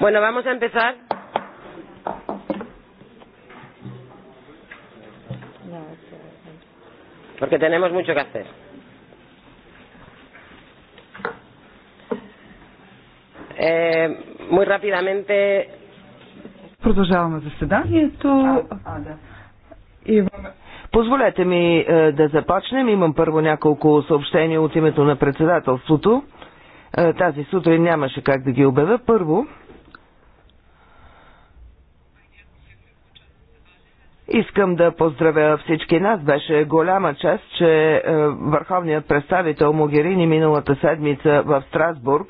Bueno, vamos a empezar. Porque tenemos mucho que hacer. Eh, muy rápidamente. Продължаваме заседанието. А, Позволете ми е, да започнем. Имам първо няколко съобщения от името на председателството. Е, тази сутрин нямаше как да ги обявя. Първо, Искам да поздравя всички нас. Беше голяма чест, че е, върховният представител Могерини миналата седмица в Страсбург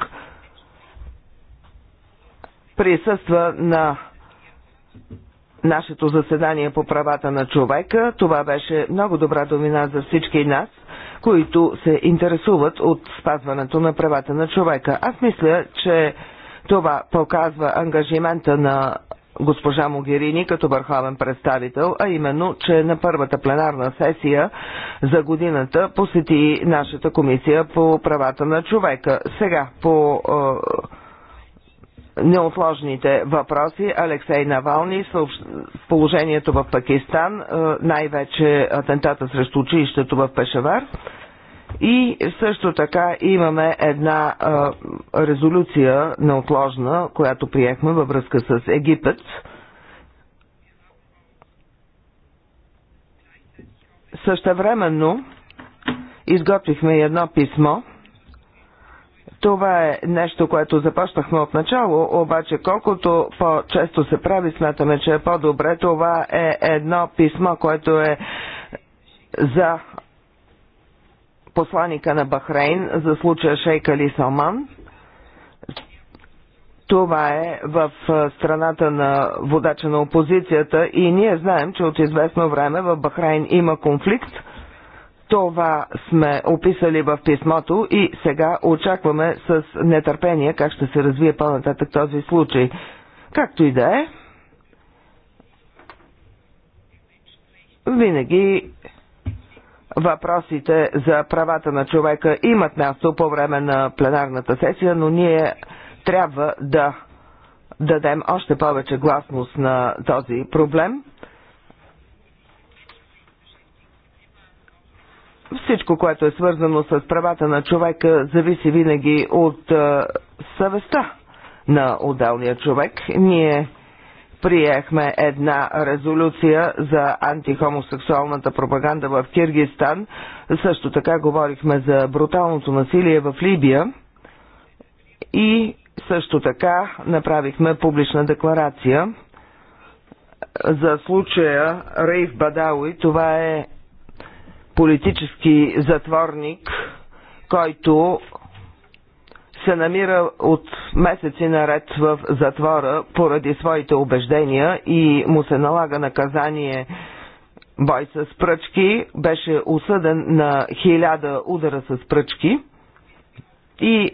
присъства на нашето заседание по правата на човека. Това беше много добра домина за всички нас – които се интересуват от спазването на правата на човека. Аз мисля, че това показва ангажимента на госпожа Могерини като върховен представител, а именно, че на първата пленарна сесия за годината посети нашата комисия по правата на човека. Сега по е, неотложните въпроси. Алексей Навални, положението в Пакистан, е, най-вече атентата срещу училището в Пешавар. И също така имаме една а, е, резолюция неотложна, която приехме във връзка с Египет. Същевременно изготвихме едно писмо – това е нещо, което започнахме от начало, обаче колкото по-често се прави, смятаме, че е по-добре. Това е едно писмо, което е за посланика на Бахрейн за случая Шейка Ли Салман. Това е в страната на водача на опозицията и ние знаем, че от известно време в Бахрейн има конфликт – това сме описали в писмото и сега очакваме с нетърпение как ще се развие по-нататък този случай. Както и да е, винаги въпросите за правата на човека имат място по време на пленарната сесия, но ние трябва да дадем още повече гласност на този проблем. Всичко, което е свързано с правата на човека, зависи винаги от съвестта на отделния човек. Ние приехме една резолюция за антихомосексуалната пропаганда в Киргистан. Също така говорихме за бруталното насилие в Либия и също така направихме публична декларация за случая Рейф Бадауи. Това е политически затворник, който се намира от месеци наред в затвора поради своите убеждения и му се налага наказание бой с пръчки. Беше осъден на хиляда удара с пръчки и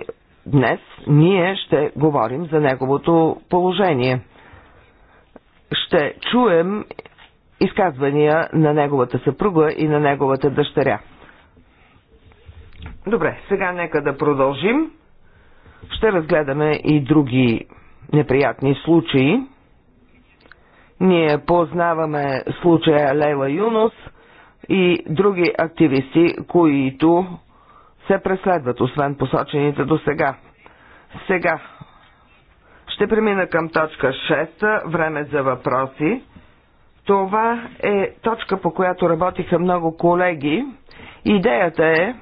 днес ние ще говорим за неговото положение. Ще чуем изказвания на неговата съпруга и на неговата дъщеря. Добре, сега нека да продължим. Ще разгледаме и други неприятни случаи. Ние познаваме случая Лейла Юнос и други активисти, които се преследват, освен посочените до сега. Сега ще премина към точка 6, време за въпроси. Това е точка, по която работиха много колеги. Идеята е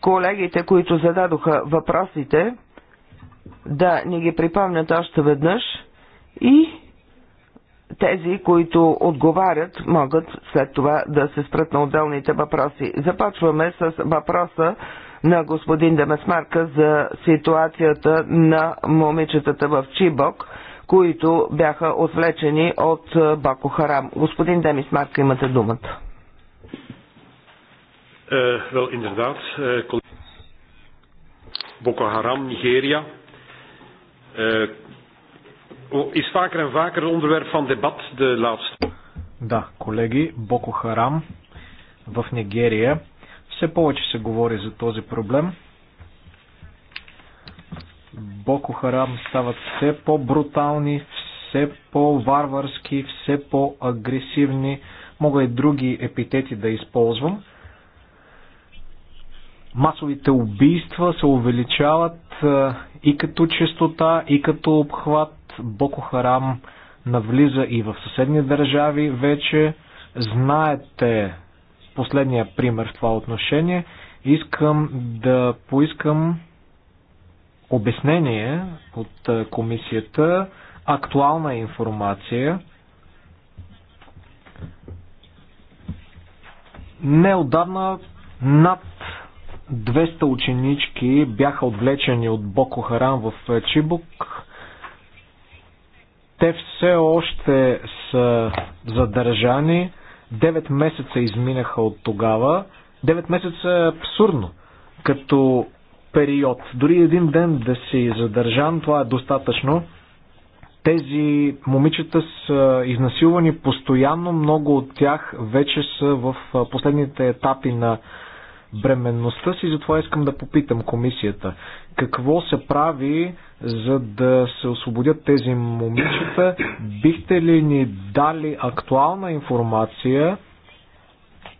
колегите, които зададоха въпросите, да ни ги припомнят още веднъж и тези, които отговарят, могат след това да се спрат на отделните въпроси. Започваме с въпроса на господин Демесмарка за ситуацията на момичетата в Чибок – които бяха отвлечени от е, Бако Харам. Господин Демис Марка, имате думата. Uh, wel inderdaad, uh, Boko Haram, Nigeria, uh, is vaker en vaker onderwerp van debat de laatste. Да, колеги, Боко Харам в Нигерия. Все повече се говори за този проблем. Боко Харам стават все по-брутални, все по-варварски, все по-агресивни. Мога и други епитети да използвам. Масовите убийства се увеличават и като честота, и като обхват. Боко Харам навлиза и в съседни държави вече. Знаете последния пример в това отношение. Искам да поискам обяснение от комисията, актуална информация. Неодавна над 200 ученички бяха отвлечени от Боко Харам в Чибук. Те все още са задържани. 9 месеца изминаха от тогава. 9 месеца е абсурдно, като период. Дори един ден да си задържан, това е достатъчно. Тези момичета са изнасилвани постоянно, много от тях вече са в последните етапи на бременността си, затова искам да попитам комисията. Какво се прави, за да се освободят тези момичета? Бихте ли ни дали актуална информация?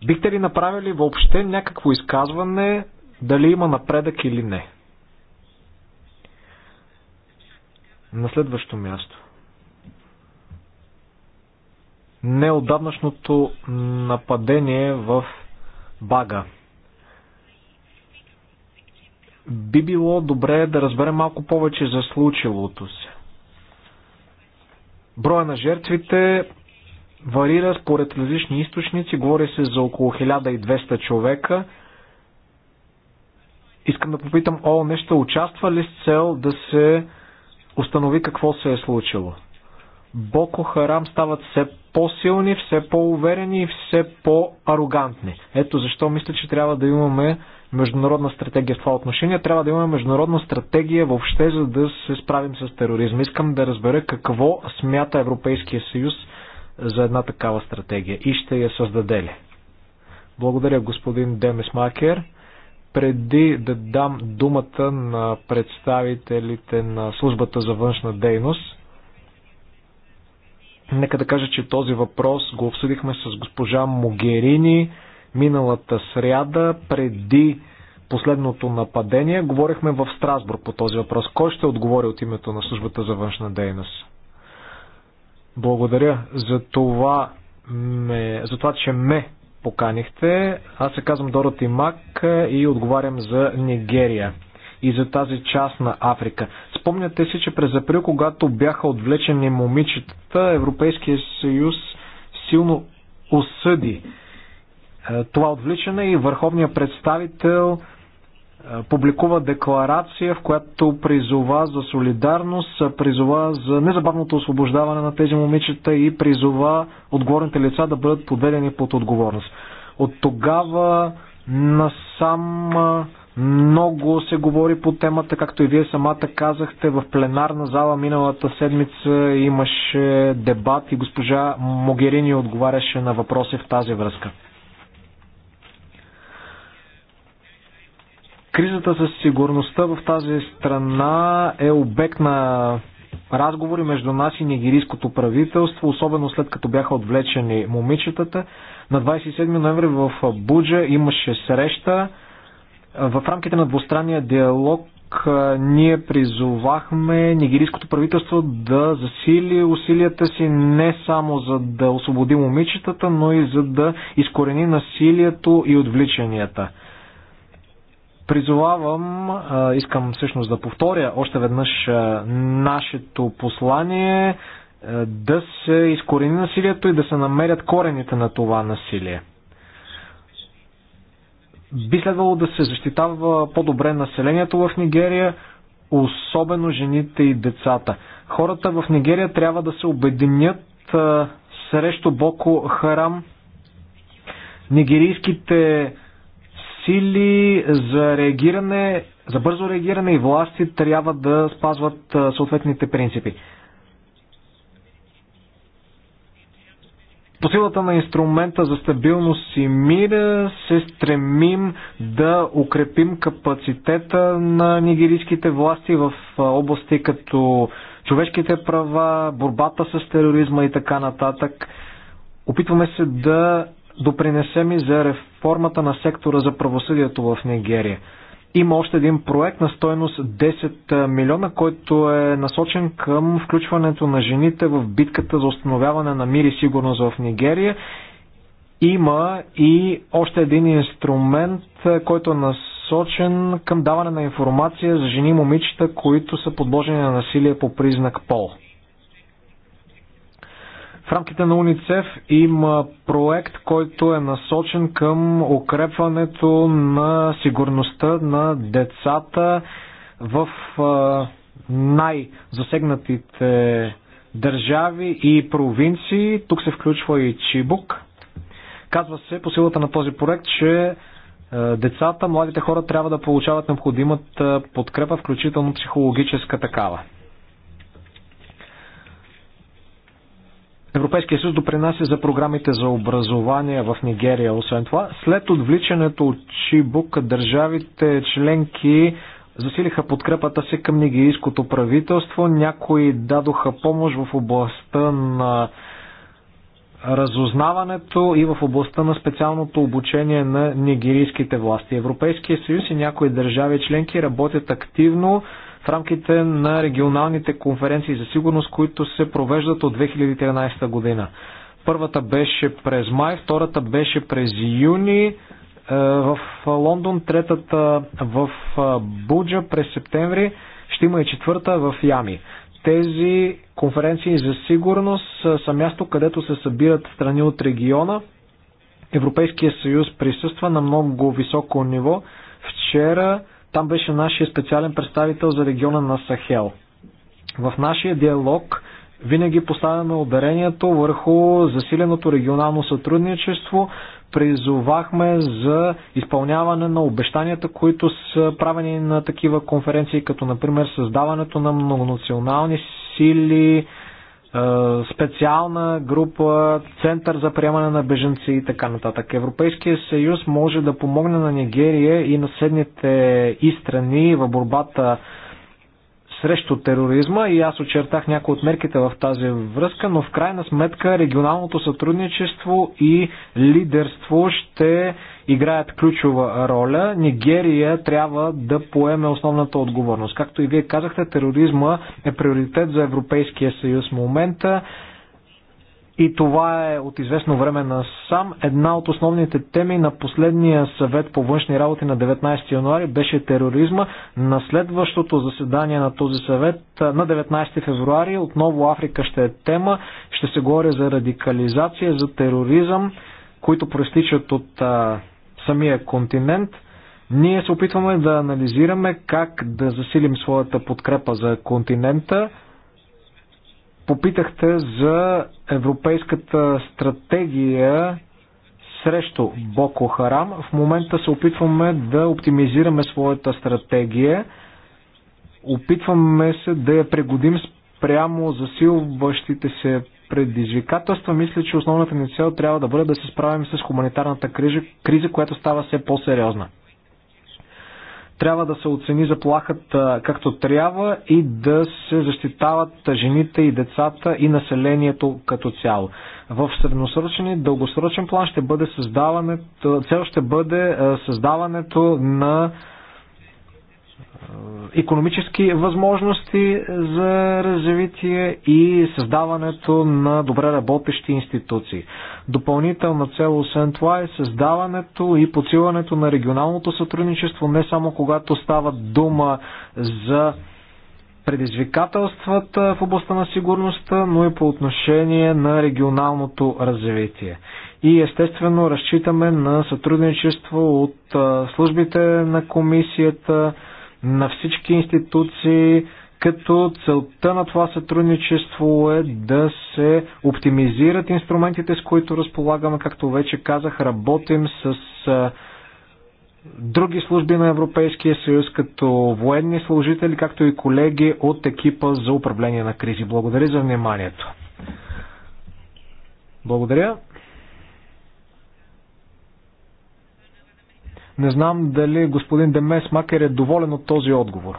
Бихте ли направили въобще някакво изказване дали има напредък или не. На следващо място. Неодавнашното нападение в Бага. Би било добре да разберем малко повече за случилото се. Броя на жертвите варира според различни източници. Говори се за около 1200 човека. Искам да попитам, о, нещо участва ли с цел да се установи какво се е случило? Боко Харам стават все по-силни, все по-уверени и все по-арогантни. Ето защо мисля, че трябва да имаме международна стратегия в това отношение. Трябва да имаме международна стратегия въобще, за да се справим с тероризма. Искам да разбера какво смята Европейския съюз за една такава стратегия и ще я създаде ли. Благодаря господин Демес Макер. Преди да дам думата на представителите на службата за външна дейност, нека да кажа, че този въпрос го обсъдихме с госпожа Могерини миналата сряда, преди последното нападение. Говорихме в Страсбург по този въпрос. Кой ще отговори от името на службата за външна дейност? Благодаря за това, ме, за това че ме поканихте. Аз се казвам Дороти Мак е, и отговарям за Нигерия и за тази част на Африка. Спомняте си, че през април, когато бяха отвлечени момичетата, Европейския съюз силно осъди е, това отвличане и върховният представител публикува декларация, в която призова за солидарност, призова за незабавното освобождаване на тези момичета и призова отговорните лица да бъдат подведени под отговорност. От тогава насам много се говори по темата, както и вие самата казахте, в пленарна зала миналата седмица имаше дебат и госпожа Могерини отговаряше на въпроси в тази връзка. Кризата със сигурността в тази страна е обект на разговори между нас и нигерийското правителство, особено след като бяха отвлечени момичетата. На 27 ноември в Буджа имаше среща. В рамките на двустранния диалог ние призовахме нигерийското правителство да засили усилията си не само за да освободи момичетата, но и за да изкорени насилието и отвличанията. Призовавам, искам всъщност да повторя още веднъж нашето послание да се изкорени насилието и да се намерят корените на това насилие. Би следвало да се защитава по-добре населението в Нигерия, особено жените и децата. Хората в Нигерия трябва да се обединят срещу Боко Харам. Нигерийските сили за реагиране, за бързо реагиране и власти трябва да спазват съответните принципи. По силата на инструмента за стабилност и мир се стремим да укрепим капацитета на нигерийските власти в области като човешките права, борбата с тероризма и така нататък. Опитваме се да допринесем и за реформата на сектора за правосъдието в Нигерия. Има още един проект на стойност 10 милиона, който е насочен към включването на жените в битката за установяване на мир и сигурност в Нигерия. Има и още един инструмент, който е насочен към даване на информация за жени и момичета, които са подложени на насилие по признак пол. В рамките на УНИЦЕФ има проект, който е насочен към укрепването на сигурността на децата в най-засегнатите държави и провинции. Тук се включва и Чибук. Казва се по силата на този проект, че децата, младите хора трябва да получават необходимата подкрепа, включително психологическа такава. Европейския съюз допринася за програмите за образование в Нигерия. Освен това, след отвличането от Чибук, държавите членки засилиха подкрепата си към нигерийското правителство. Някои дадоха помощ в областта на разузнаването и в областта на специалното обучение на нигерийските власти. Европейския съюз и някои държави членки работят активно в рамките на регионалните конференции за сигурност, които се провеждат от 2013 година. Първата беше през май, втората беше през юни е, в Лондон, третата в е, Буджа през септември, ще има и четвърта в Ями. Тези конференции за сигурност е, са място, където се събират страни от региона. Европейския съюз присъства на много високо ниво. Вчера там беше нашия специален представител за региона на Сахел. В нашия диалог винаги поставяме ударението върху засиленото регионално сътрудничество. Призовахме за изпълняване на обещанията, които са правени на такива конференции, като например създаването на многонационални сили, е, специална група, център за приемане на беженци и така нататък. Европейския съюз може да помогне на Нигерия и на следните и страни в борбата срещу тероризма и аз очертах някои от мерките в тази връзка, но в крайна сметка регионалното сътрудничество и лидерство ще играят ключова роля. Нигерия трябва да поеме основната отговорност. Както и вие казахте, тероризма е приоритет за Европейския съюз в момента. И това е от известно време на сам. Една от основните теми на последния съвет по външни работи на 19 януари беше тероризма. На следващото заседание на този съвет на 19 февруари отново Африка ще е тема. Ще се говори за радикализация, за тероризъм, които проистичат от а, самия континент. Ние се опитваме да анализираме как да засилим своята подкрепа за континента попитахте за Европейската стратегия срещу Боко Харам. В момента се опитваме да оптимизираме своята стратегия. Опитваме се да я пригодим спрямо засилващите се предизвикателства. Мисля, че основната ни цел трябва да бъде да се справим с хуманитарната криза, криза която става все по-сериозна трябва да се оцени заплахата както трябва и да се защитават жените и децата и населението като цяло. В средносрочен и дългосрочен план ще бъде създаването, цел ще бъде създаването на економически възможности за развитие и създаването на добре работещи институции. Допълнителна цел, освен това, е създаването и подсилването на регионалното сътрудничество, не само когато става дума за предизвикателствата в областта на сигурността, но и по отношение на регионалното развитие. И естествено разчитаме на сътрудничество от службите на комисията, на всички институции, като целта на това сътрудничество е да се оптимизират инструментите, с които разполагаме, както вече казах, работим с други служби на Европейския съюз, като военни служители, както и колеги от екипа за управление на кризи. Благодаря за вниманието. Благодаря. Не знам дали господин Демес Макер е доволен от този отговор.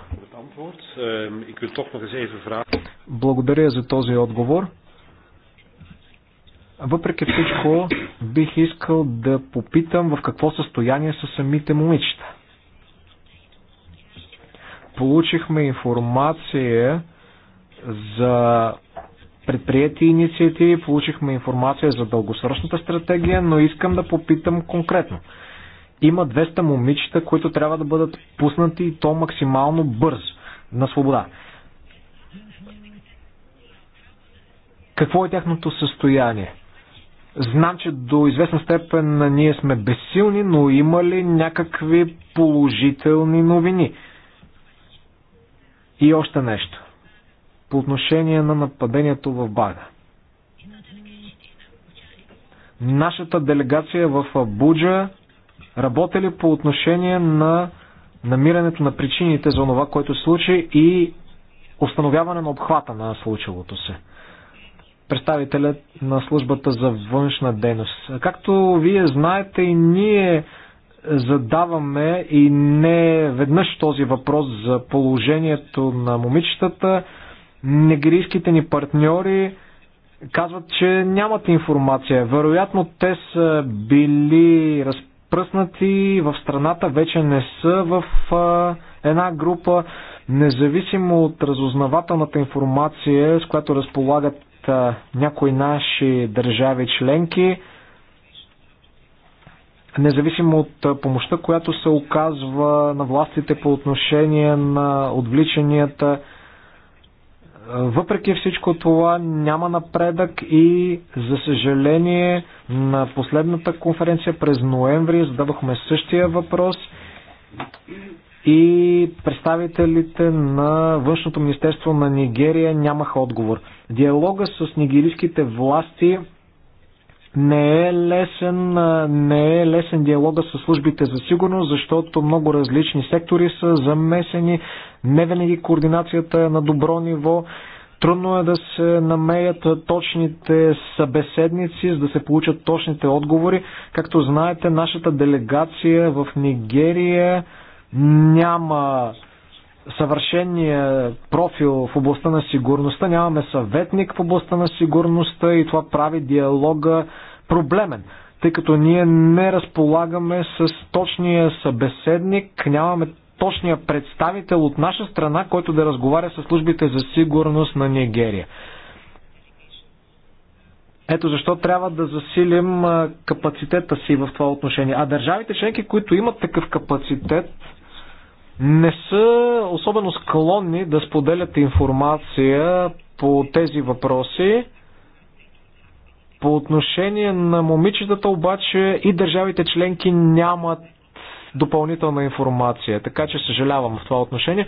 Благодаря за този отговор. Въпреки всичко, бих искал да попитам в какво състояние са самите момичета. Получихме информация за предприяти инициативи, получихме информация за дългосрочната стратегия, но искам да попитам конкретно. Има 200 момичета, които трябва да бъдат пуснати и то максимално бързо на свобода. Какво е тяхното състояние? Знам, че до известна степен ние сме безсилни, но има ли някакви положителни новини? И още нещо. По отношение на нападението в Бага. Нашата делегация в Абуджа работили по отношение на намирането на причините за това, което се случи и установяване на обхвата на случилото се. Представителят на службата за външна дейност. Както вие знаете и ние задаваме и не веднъж този въпрос за положението на момичетата. Негрийските ни партньори казват, че нямат информация. Вероятно те са били разпределени разпръснати в страната, вече не са в една група. Независимо от разузнавателната информация, с която разполагат някои наши държави членки, независимо от помощта, която се оказва на властите по отношение на отвличанията, въпреки всичко това няма напредък и за съжаление на последната конференция през ноември задавахме същия въпрос и представителите на Външното министерство на Нигерия нямаха отговор. Диалога с нигерийските власти не е лесен, не е лесен диалога с службите за сигурност, защото много различни сектори са замесени, не винаги координацията е на добро ниво. Трудно е да се намерят точните събеседници, за да се получат точните отговори. Както знаете, нашата делегация в Нигерия няма съвършения профил в областта на сигурността, нямаме съветник в областта на сигурността и това прави диалога проблемен, тъй като ние не разполагаме с точния събеседник, нямаме точния представител от наша страна, който да разговаря с службите за сигурност на Нигерия. Ето защо трябва да засилим капацитета си в това отношение. А държавите членки, които имат такъв капацитет, не са особено склонни да споделят информация по тези въпроси. По отношение на момичетата обаче и държавите членки нямат допълнителна информация, така че съжалявам в това отношение.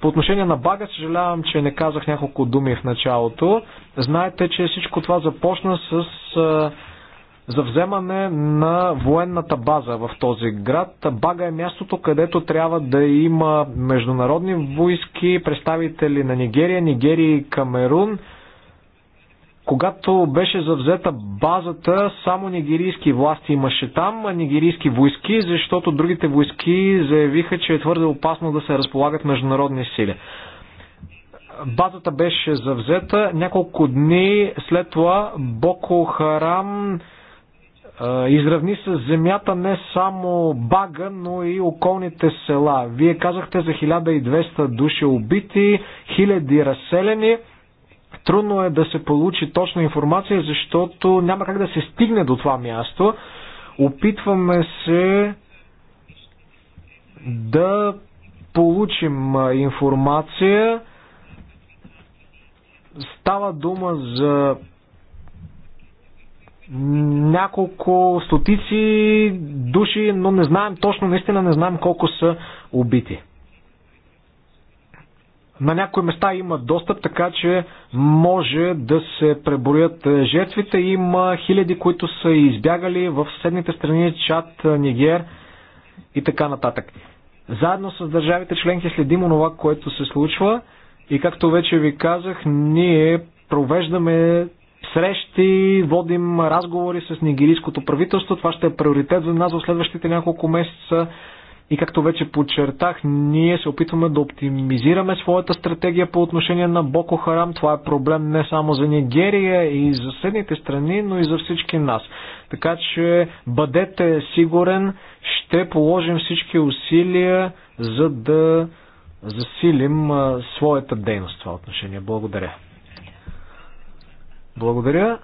По отношение на бага, съжалявам, че не казах няколко думи в началото. Знаете, че всичко това започна с за вземане на военната база в този град. Бага е мястото, където трябва да има международни войски, представители на Нигерия, Нигерия и Камерун. Когато беше завзета базата, само нигерийски власти имаше там, нигерийски войски, защото другите войски заявиха, че е твърде опасно да се разполагат международни сили. Базата беше завзета. Няколко дни след това Боко Харам изравни с земята не само Бага, но и околните села. Вие казахте за 1200 души убити, хиляди разселени. Трудно е да се получи точна информация, защото няма как да се стигне до това място. Опитваме се да получим информация. Става дума за няколко стотици души, но не знаем точно, наистина не знаем колко са убити. На някои места има достъп, така че може да се преброят жертвите. Има хиляди, които са избягали в съседните страни, Чад, Нигер и така нататък. Заедно с държавите членки следим онова, което се случва и както вече ви казах, ние провеждаме срещи, водим разговори с нигерийското правителство. Това ще е приоритет за нас в следващите няколко месеца. И както вече подчертах, ние се опитваме да оптимизираме своята стратегия по отношение на Боко Харам. Това е проблем не само за Нигерия и за съседните страни, но и за всички нас. Така че бъдете сигурен, ще положим всички усилия, за да засилим своята дейност в това отношение. Благодаря. Благодаря.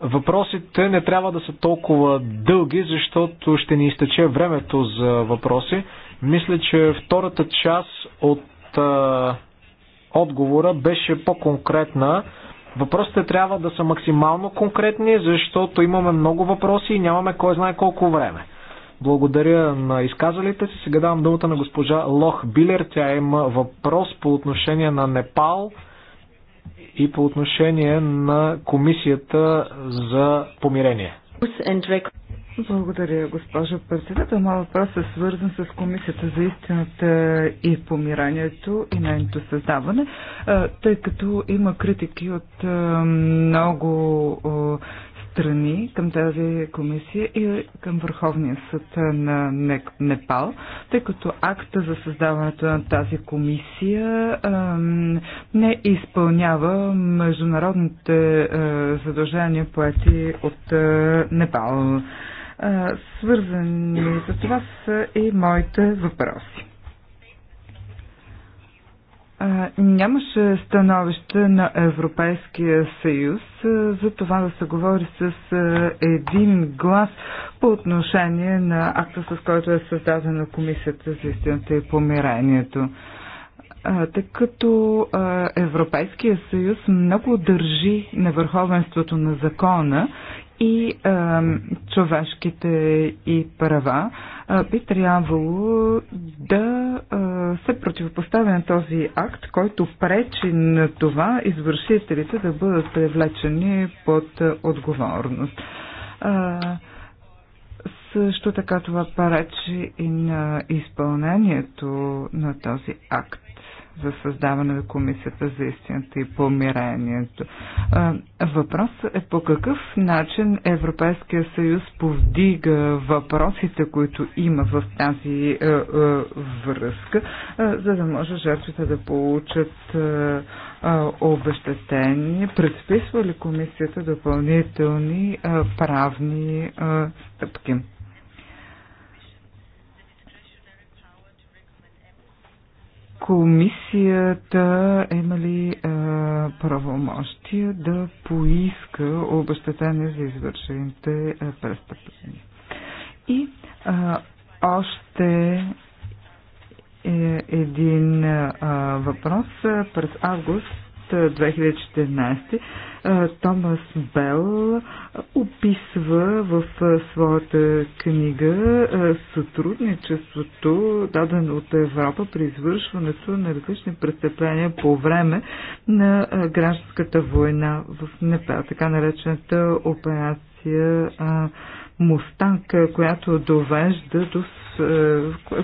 Въпросите не трябва да са толкова дълги, защото ще ни изтече времето за въпроси. Мисля, че втората част от а, отговора беше по-конкретна. Въпросите трябва да са максимално конкретни, защото имаме много въпроси и нямаме кой знае колко време. Благодаря на изказалите си. Сега давам думата на госпожа Лох Билер. Тя има въпрос по отношение на Непал и по отношение на Комисията за помирение. Благодаря, госпожо председател. Моят въпрос е свързан с Комисията за истината и помиранието и нейното създаване, тъй като има критики от много страни, към тази комисия и към Върховния съд на Непал, тъй като акта за създаването на тази комисия не изпълнява международните е, задължения поети от е, Непал. Свързани за това са и моите въпроси. А, нямаше становище на Европейския съюз а, за това да се говори с а, един глас по отношение на акта, с който е създадена Комисията за истината и помирението. Тъй като а, Европейския съюз много държи на върховенството на закона и а, човешките и права, би трябвало да се противопоставя на този акт, който пречи на това извършителите да бъдат привлечени под отговорност. Също така това пречи и на изпълнението на този акт за създаване на комисията за истината и помирението. Въпросът е по какъв начин Европейския съюз повдига въпросите, които има в тази е, е, връзка, е, за да може жертвите да получат обещетение. Предписва ли комисията допълнителни правни стъпки? Комисията има е, ли а, е, правомощия да поиска обещатение за извършените а, е, престъпления? И а, още е един а, въпрос. През август 2014 Томас Бел описва в своята книга сътрудничеството, дадено от Европа при извършването на различни престъпления по време на гражданската война в Непел, така наречената операция мустанка, която довежда до е,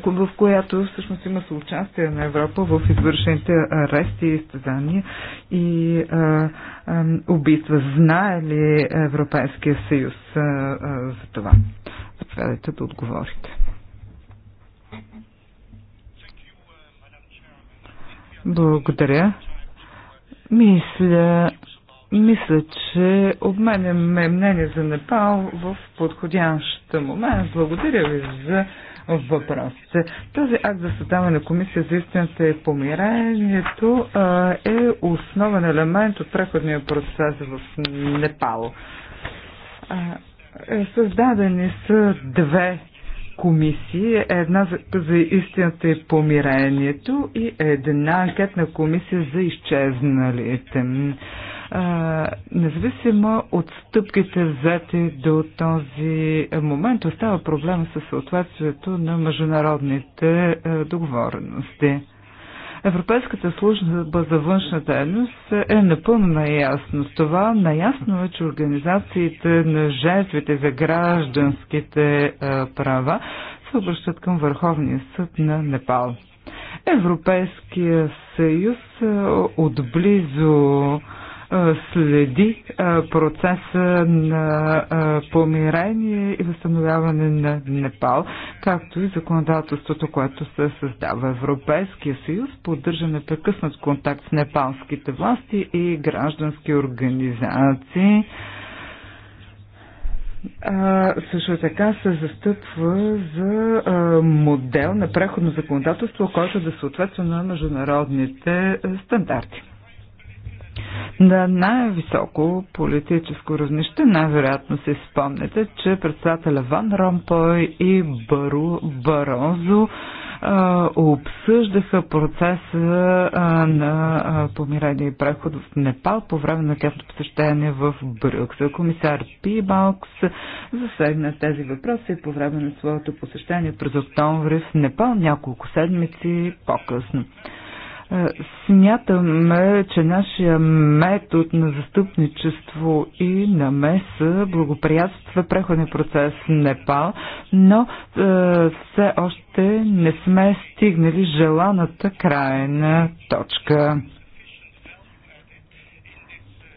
в която всъщност има съучастие на Европа в извършените арести, изтезания и а, е, а, е, убийства. Знае ли Европейския съюз а, а, за това? Заповядайте да отговорите. Благодаря. Мисля, мисля, че обменяме мнение за Непал в подходящ момент. Благодаря ви за въпросите. Този акт за създаване на комисия за истината и помирението е основен елемент от преходния процес в Непал. Е, създадени са две комисии, една за, за истината и помирението и една анкетна комисия за изчезналите независимо от стъпките взети до този момент, остава проблем с съответствието на международните договорености. Европейската служба за външна дейност е напълно наясно с това. Наясно е, че организациите на жертвите за гражданските права се обръщат към Върховния съд на Непал. Европейския съюз отблизо следи процеса на помирение и възстановяване на Непал, както и законодателството, което се създава Европейския съюз, поддържа непрекъснат контакт с непалските власти и граждански организации. А, също така се застъпва за а, модел на преходно законодателство, който да съответства на международните стандарти на най-високо политическо равнище. Най-вероятно си спомнете, че председателя Ван Ромпой и Бару, Барозо а, обсъждаха процеса а, на а, помирение и преход в Непал по време на тяхното посещение в Брюксел. Комисар Пибалкс засегна тези въпроси по време на своето посещение през октомври в Непал няколко седмици по-късно. Е, смятаме, че нашия метод на застъпничество и на намеса благоприятства преходния процес в Непал, но е, все още не сме стигнали желаната крайна точка.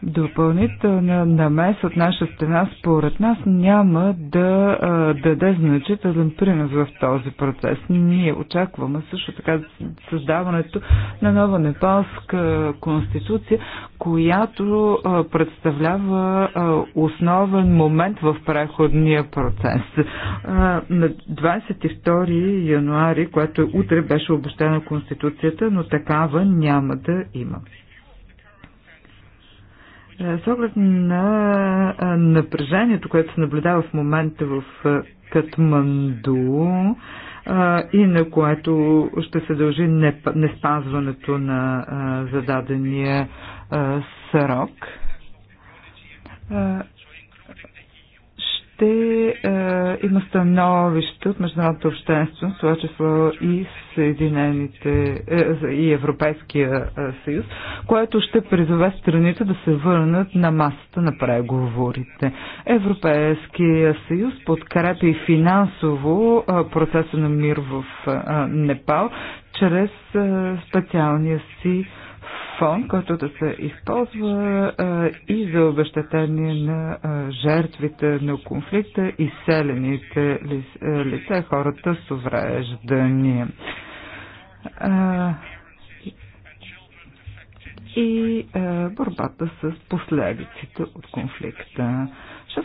Допълнителна намес от наша страна, според нас, няма да а, даде значителен принос в този процес. Ние очакваме също така създаването на нова непалска конституция, която а, представлява а, основен момент в преходния процес. А, на 22 януари, което утре беше обещана конституцията, но такава няма да има. Е, с оглед на е, напрежението, което се наблюдава в момента в е, Катманду и на което ще се дължи неспазването на зададения срок, ще е, има становище от международната в това число и Съединените е, и Европейския е, съюз, което ще призове страните да се върнат на масата на преговорите. Европейския съюз подкрепи финансово е, процеса на мир в е, Непал чрез е, специалния си е, фон, който да се използва а, и за обещатение на а, жертвите на конфликта и селените ли, лица, хората с увреждания. и а, борбата с последиците от конфликта.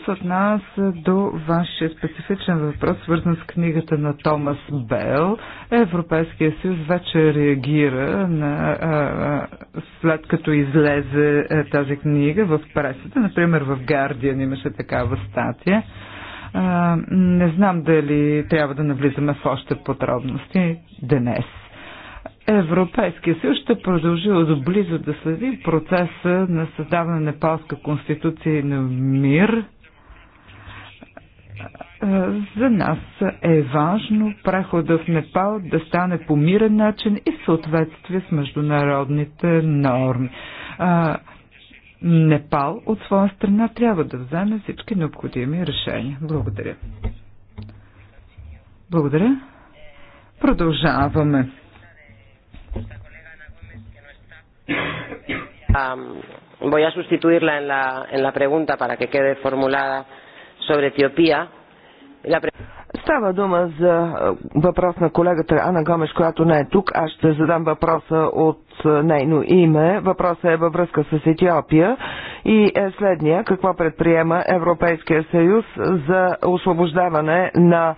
Що с нас до вашия специфичен въпрос, свързан с книгата на Томас Бел, Европейския съюз вече реагира на, а, след като излезе а, е, тази книга в пресата. Например, в Гардиан имаше такава статия. А, не знам дали трябва да навлизаме в още подробности днес. Европейския съюз ще продължи отблизо да следи процеса на създаване на Непалска конституция и на мир за нас е важно прехода в Непал да стане по мирен начин и в съответствие с международните норми. Непал от своя страна трябва да вземе всички необходими решения. Благодаря. Благодаря. Продължаваме. voy a sustituirla en la, en la pregunta para que quede formulada sobre Etiopía. Става дума за е, въпрос на колегата Ана Гомеш, която не е тук. Аз ще задам въпроса от е, нейно име. Въпросът е във връзка с Етиопия и е следния. Какво предприема Европейския съюз за освобождаване на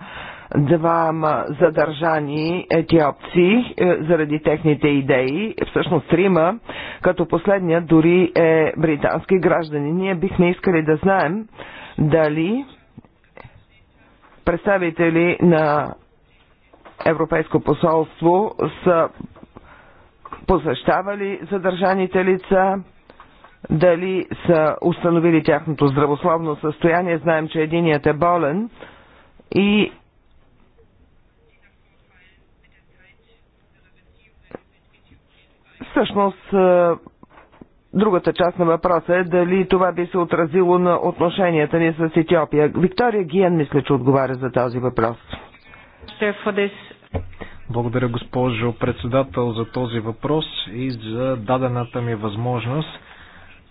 двама задържани етиопци е, заради техните идеи, всъщност трима, като последният дори е британски граждани. Ние бихме искали да знаем дали представители на Европейско посолство са посещавали задържаните лица, дали са установили тяхното здравословно състояние. Знаем, че единият е болен и всъщност другата част на въпроса е дали това би се отразило на отношенията ни с Етиопия. Виктория Гиен мисля, че отговаря за този въпрос. Е Благодаря, госпожо председател, за този въпрос и за дадената ми възможност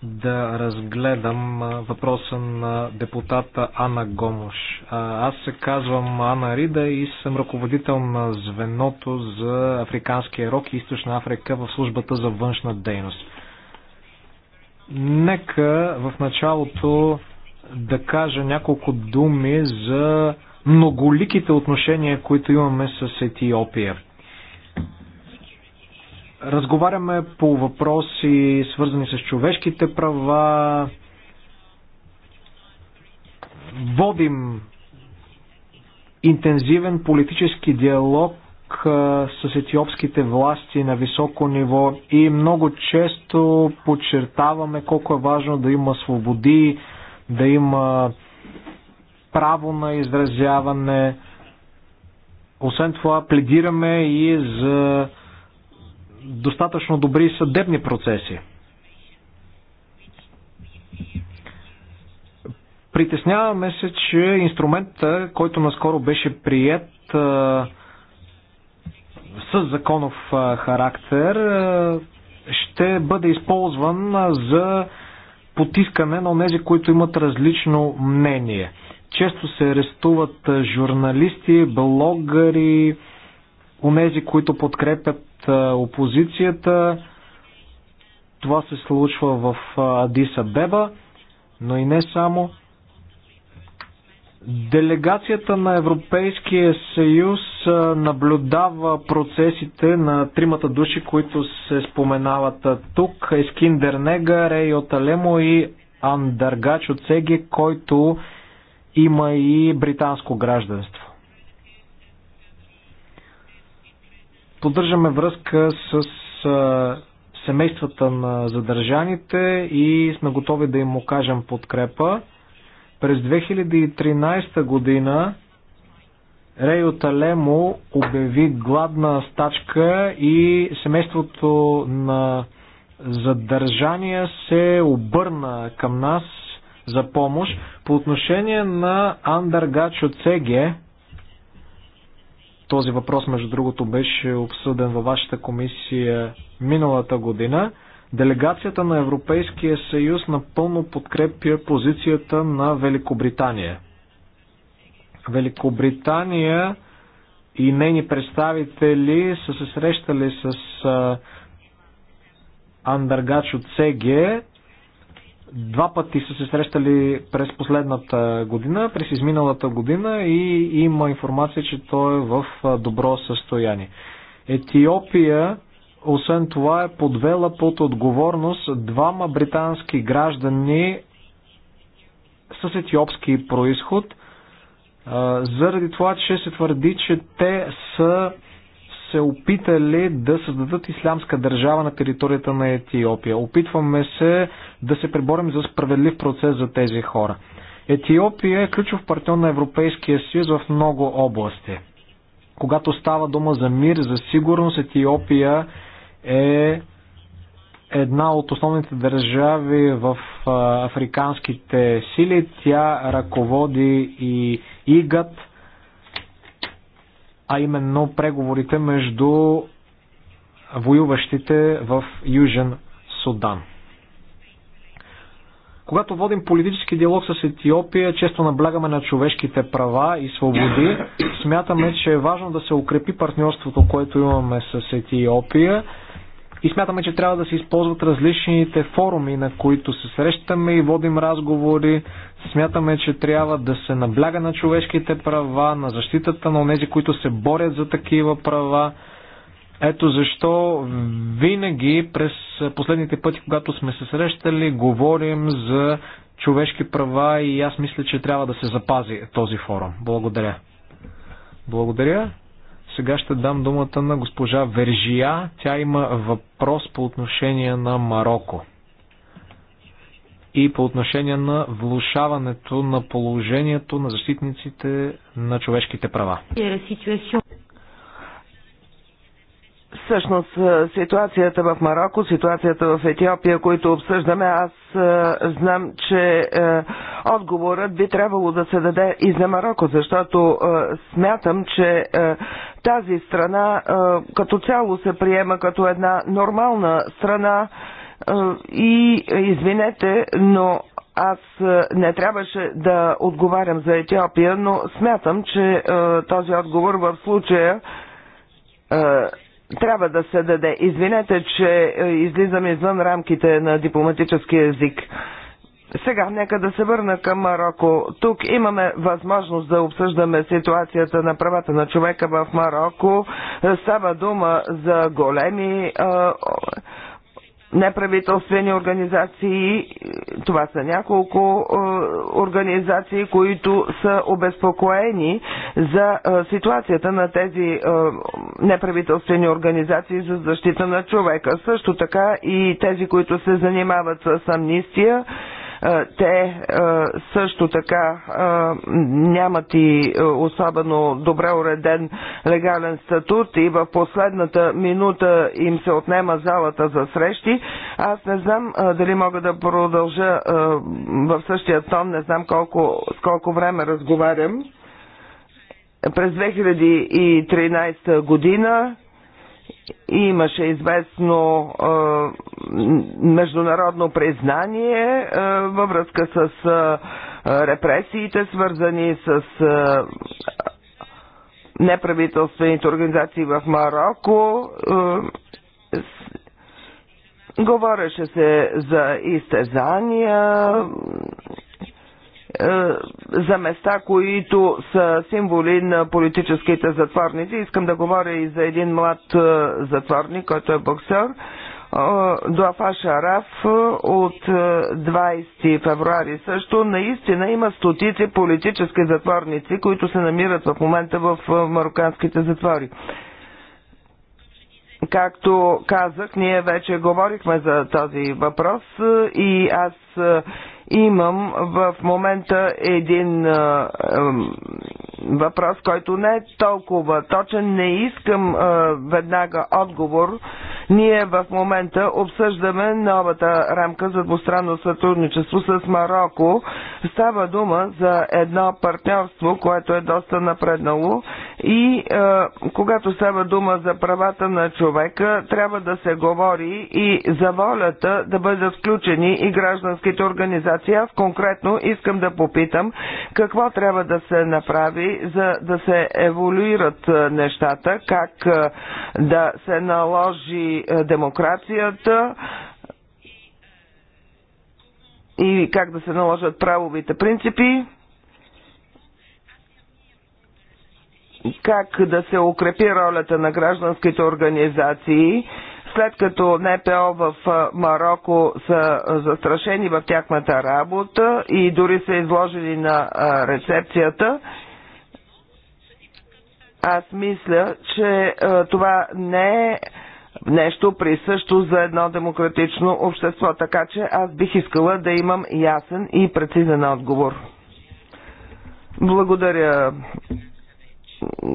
да разгледам въпроса на депутата Ана Гомош. Аз се казвам Ана Рида и съм ръководител на звеното за Африканския рок и Източна Африка в службата за външна дейност. Нека в началото да кажа няколко думи за многоликите отношения, които имаме с Етиопия. Разговаряме по въпроси, свързани с човешките права. Водим интензивен политически диалог с етиопските власти на високо ниво и много често подчертаваме колко е важно да има свободи, да има право на изразяване. Освен това, пледираме и за достатъчно добри съдебни процеси. Притесняваме се, че инструментът, който наскоро беше прият, с законов характер ще бъде използван за потискане на тези, които имат различно мнение. Често се арестуват журналисти, блогъри, онези, които подкрепят опозицията. Това се случва в Адиса Беба, но и не само. Делегацията на Европейския съюз наблюдава процесите на тримата души, които се споменават тук. Ескин Дернега, Рей от Алемо и Андъргач от Сеги, който има и британско гражданство. Поддържаме връзка с семействата на задържаните и сме готови да им окажем подкрепа. През 2013 година Рейо Талемо обяви гладна стачка и семейството на задържания се обърна към нас за помощ. По отношение на Андъргачо Цеге, този въпрос, между другото, беше обсъден във вашата комисия миналата година – Делегацията на Европейския съюз напълно подкрепя позицията на Великобритания. Великобритания и нейни представители са се срещали с Андъргач от СГ. Два пъти са се срещали през последната година, през изминалата година и има информация, че той е в добро състояние. Етиопия освен това е подвела под отговорност двама британски граждани с етиопски происход, заради това, че се твърди, че те са се опитали да създадат ислямска държава на територията на Етиопия. Опитваме се да се преборим за справедлив процес за тези хора. Етиопия е ключов партньор на Европейския съюз в много области. Когато става дума за мир, за сигурност, Етиопия е една от основните държави в африканските сили. Тя ръководи и ИГАТ, а именно преговорите между воюващите в Южен Судан. Когато водим политически диалог с Етиопия, често наблягаме на човешките права и свободи. Смятаме, че е важно да се укрепи партньорството, което имаме с Етиопия и смятаме, че трябва да се използват различните форуми, на които се срещаме и водим разговори. Смятаме, че трябва да се набляга на човешките права, на защитата на тези, които се борят за такива права. Ето защо винаги през последните пъти, когато сме се срещали, говорим за човешки права и аз мисля, че трябва да се запази този форум. Благодаря. Благодаря. Сега ще дам думата на госпожа Вержия. Тя има въпрос по отношение на Марокко и по отношение на влушаването на положението на защитниците на човешките права. Всъщност е, ситуацията в Марокко, ситуацията в Етиопия, които обсъждаме, аз е, знам, че е, отговорът би трябвало да се даде и за Марокко, защото смятам, че тази страна като цяло се приема като една нормална страна и извинете, но аз не трябваше да отговарям за Етиопия, но смятам, че този отговор в случая трябва да се даде. Извинете, че е, излизам извън рамките на дипломатическия език. Сега нека да се върна към Марокко. Тук имаме възможност да обсъждаме ситуацията на правата на човека в Марокко. Става дума за големи е, неправителствени организации, това са няколко е, организации, които са обезпокоени за е, ситуацията на тези е, неправителствени организации за защита на човека. Също така и тези, които се занимават с амнистия те също така нямат и особено добре уреден легален статут и в последната минута им се отнема залата за срещи. Аз не знам дали мога да продължа в същия тон, не знам колко, с колко време разговарям. През 2013 година имаше известно е, международно признание е, във връзка с е, репресиите, свързани с е, неправителствените организации в Марокко. Е, с, говореше се за изтезания. Е, е, за места, които са символи на политическите затворници. Искам да говоря и за един млад е, затворник, който е боксер. Е, Дуафа Шараф от 20 февруари също. Наистина има стотици политически затворници, които се намират в момента в мароканските затвори. Както казах, ние вече говорихме за този въпрос и аз Имам в момента един а, а, въпрос, който не е толкова точен. Не искам а, веднага отговор. Ние в момента обсъждаме новата рамка за двустранно сътрудничество с Марокко. Става дума за едно партньорство, което е доста напреднало и а, когато става дума за правата на човека, трябва да се говори и за волята да бъдат включени и гражданските организации организация. Аз конкретно искам да попитам какво трябва да се направи, за да се еволюират е, нещата, как е, да се наложи е, демокрацията, и как да се наложат правовите принципи, как да се укрепи ролята на гражданските организации, след като НПО в Марокко са застрашени в тяхната работа и дори са изложили на рецепцията, аз мисля, че това не е нещо присъщо за едно демократично общество, така че аз бих искала да имам ясен и прецизен отговор. Благодаря,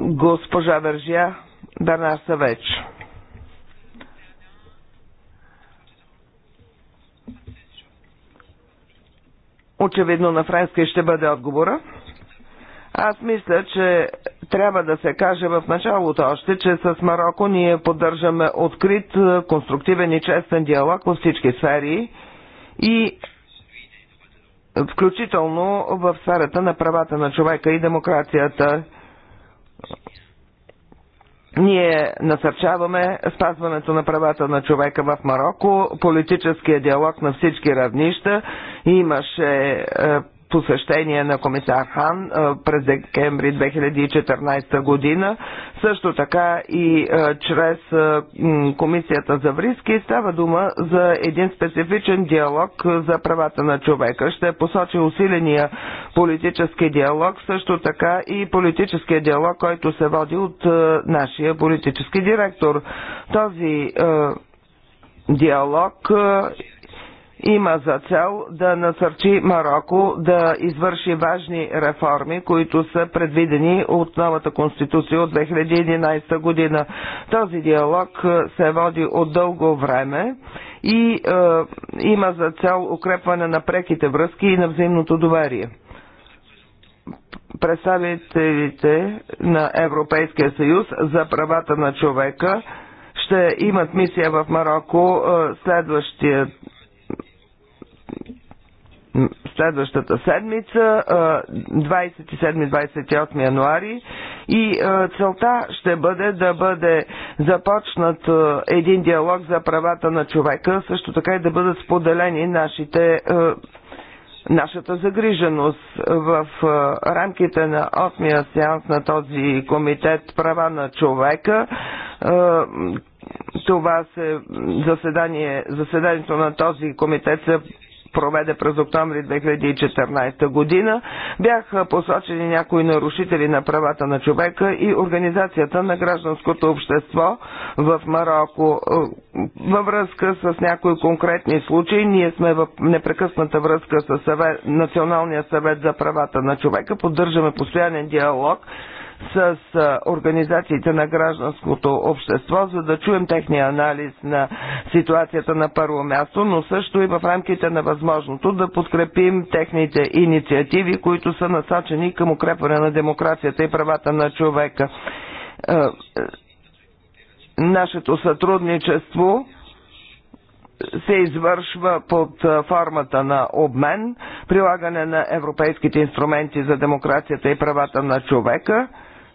госпожа Вержия, Бернар Савеч. Очевидно на френски ще бъде отговора. Аз мисля, че трябва да се каже в началото още, че с Марокко ние поддържаме открит, е, конструктивен и честен диалог във всички сфери и включително в сферата на правата на човека и демокрацията. Ние насърчаваме спазването на правата на човека в Марокко, политическия диалог на всички равнища. Имаше е, посещение на комисар Хан през декември 2014 година. Също така и чрез Комисията за вриски става дума за един специфичен диалог за правата на човека. Ще посочи усиления политически диалог, също така и политическия диалог, който се води от нашия политически директор. Този диалог има за цел да насърчи Марокко да извърши важни реформи, които са предвидени от новата конституция от 2011 година. Този диалог е, се води от дълго време и е, има за цел укрепване на преките връзки и на взаимното доверие представителите на Европейския съюз за правата на човека ще имат мисия в Марокко е, следващия следващата седмица, 27-28 януари и целта ще бъде да бъде започнат един диалог за правата на човека, също така и да бъдат споделени нашите нашата загриженост в рамките на 8-я сеанс на този комитет права на човека. Това се заседание, заседанието на този комитет се проведе през октомври 2014 година, бяха посочени някои нарушители на правата на човека и Организацията на гражданското общество в Марокко. Е, във връзка с някои конкретни случаи, ние сме в непрекъсната връзка с съвет, Националния съвет за правата на човека, поддържаме постоянен диалог с организациите на гражданското общество, за да чуем техния анализ на ситуацията на първо място, но също и в рамките на възможното да подкрепим техните инициативи, които са насочени към укрепване на демокрацията и правата на човека. Нашето сътрудничество се извършва под формата на обмен, прилагане на европейските инструменти за демокрацията и правата на човека –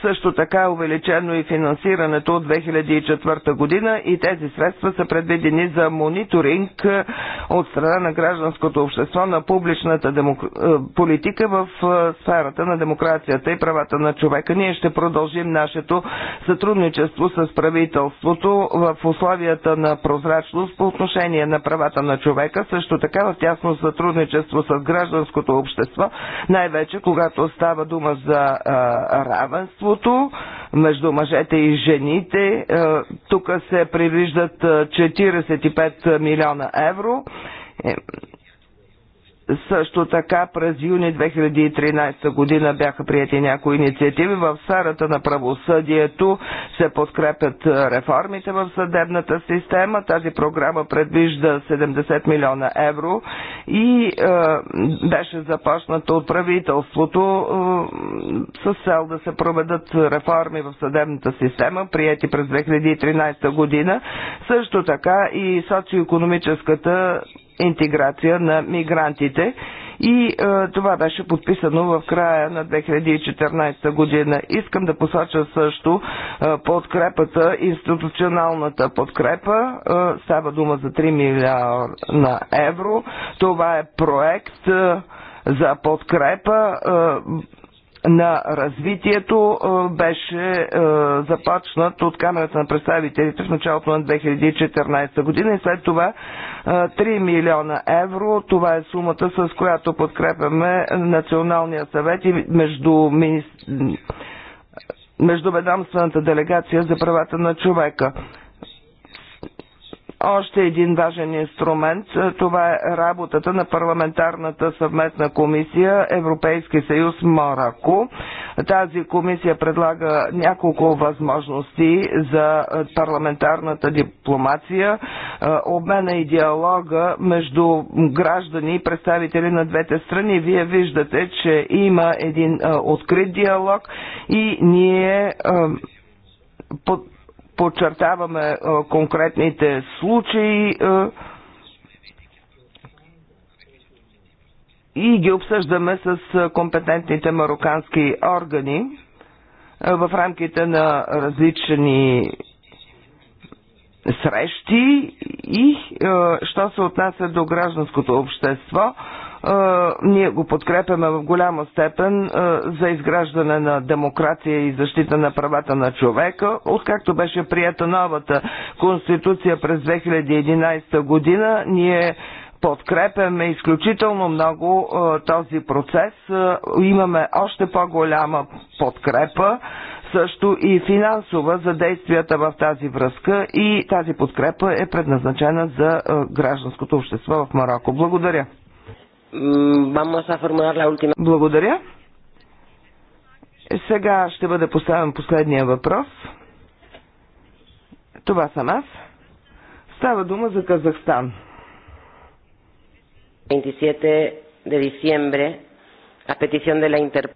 Също така е увеличено и финансирането от 2004 година и тези средства са предвидени за мониторинг е, от страна на гражданското общество на публичната демок... Е, политика в е, сферата на демокрацията и правата на човека. Ние ще продължим нашето сътрудничество с правителството в условията на прозрачност по отношение на правата на човека, също така в тясно сътрудничество с гражданското общество, най-вече когато става дума за равенство равенството между мъжете и жените. Е, тук се привиждат 45 е, милиона евро е, също така през юни 2013 година бяха прияти някои инициативи в сферата на правосъдието, се подкрепят реформите в съдебната система. Тази програма предвижда 70 милиона евро и е, беше започната от правителството е, с цел да се проведат реформи в съдебната система, прияти през 2013 година. Също така и социоекономическата интеграция на мигрантите и е, това беше подписано в края на 2014 година. Искам да посоча също е, подкрепата, институционалната подкрепа. Е, става дума за 3 милиарда евро. Това е проект. Е, за подкрепа е, на развитието е, беше е, започнат от Камерата на представителите в началото на 2014 година и след това 3 е, милиона евро. Това е сумата, с която подкрепяме Националния съвет и между Междуведомствената делегация за правата на човека още един важен инструмент. Това е работата на парламентарната съвместна комисия Европейски съюз Морако. Тази комисия предлага няколко възможности за парламентарната дипломация, обмена и диалога между граждани и представители на двете страни. Вие виждате, че има един открит диалог и ние под подчертаваме е, конкретните случаи е, и ги обсъждаме с е, компетентните марокански органи в рамките на различни срещи и, що се отнася до гражданското общество, ние го подкрепяме в голяма степен за изграждане на демокрация и защита на правата на човека. Откакто беше прията новата конституция през 2011 година, ние подкрепяме изключително много този процес. Имаме още по-голяма подкрепа, също и финансова за действията в тази връзка и тази подкрепа е предназначена за гражданското общество в Марокко. Благодаря. Vamos a formular la última. Благодаря. Сега ще бъде поставен последния въпрос. Това съм аз. Става дума за Казахстан. 27 de diciembre, a petición de la Inter...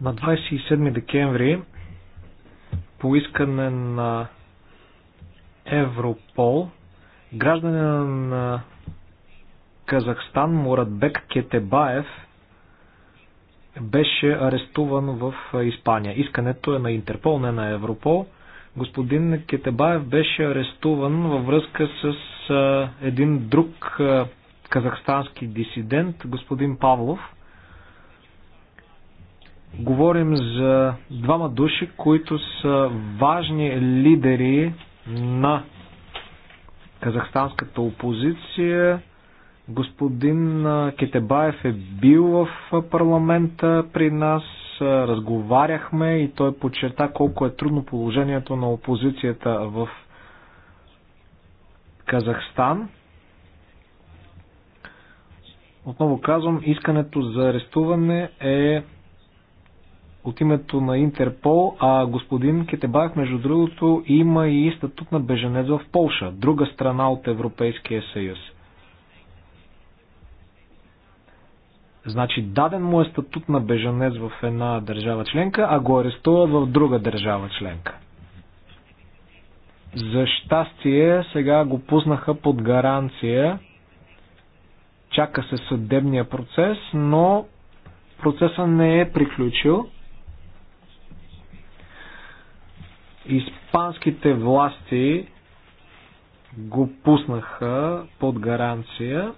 На 27 декември по искане на Европол гражданина на Казахстан Мурадбек Кетебаев беше арестуван в Испания. Искането е на Интерпол, не на Европол. Господин Кетебаев беше арестуван във връзка с един друг казахстански дисидент, господин Павлов. Говорим за двама души, които са важни лидери на казахстанската опозиция. Господин Кетебаев е бил в парламента при нас, разговаряхме и той подчерта колко е трудно положението на опозицията в Казахстан. Отново казвам, искането за арестуване е от името на Интерпол, а господин Кетебаев, между другото, има и статут на беженец в Полша, друга страна от Европейския съюз. Значи даден му е статут на бежанец в една държава членка, а го арестуват в друга държава членка. За щастие сега го пуснаха под гаранция. Чака се съдебния процес, но процеса не е приключил. Испанските власти го пуснаха под гаранция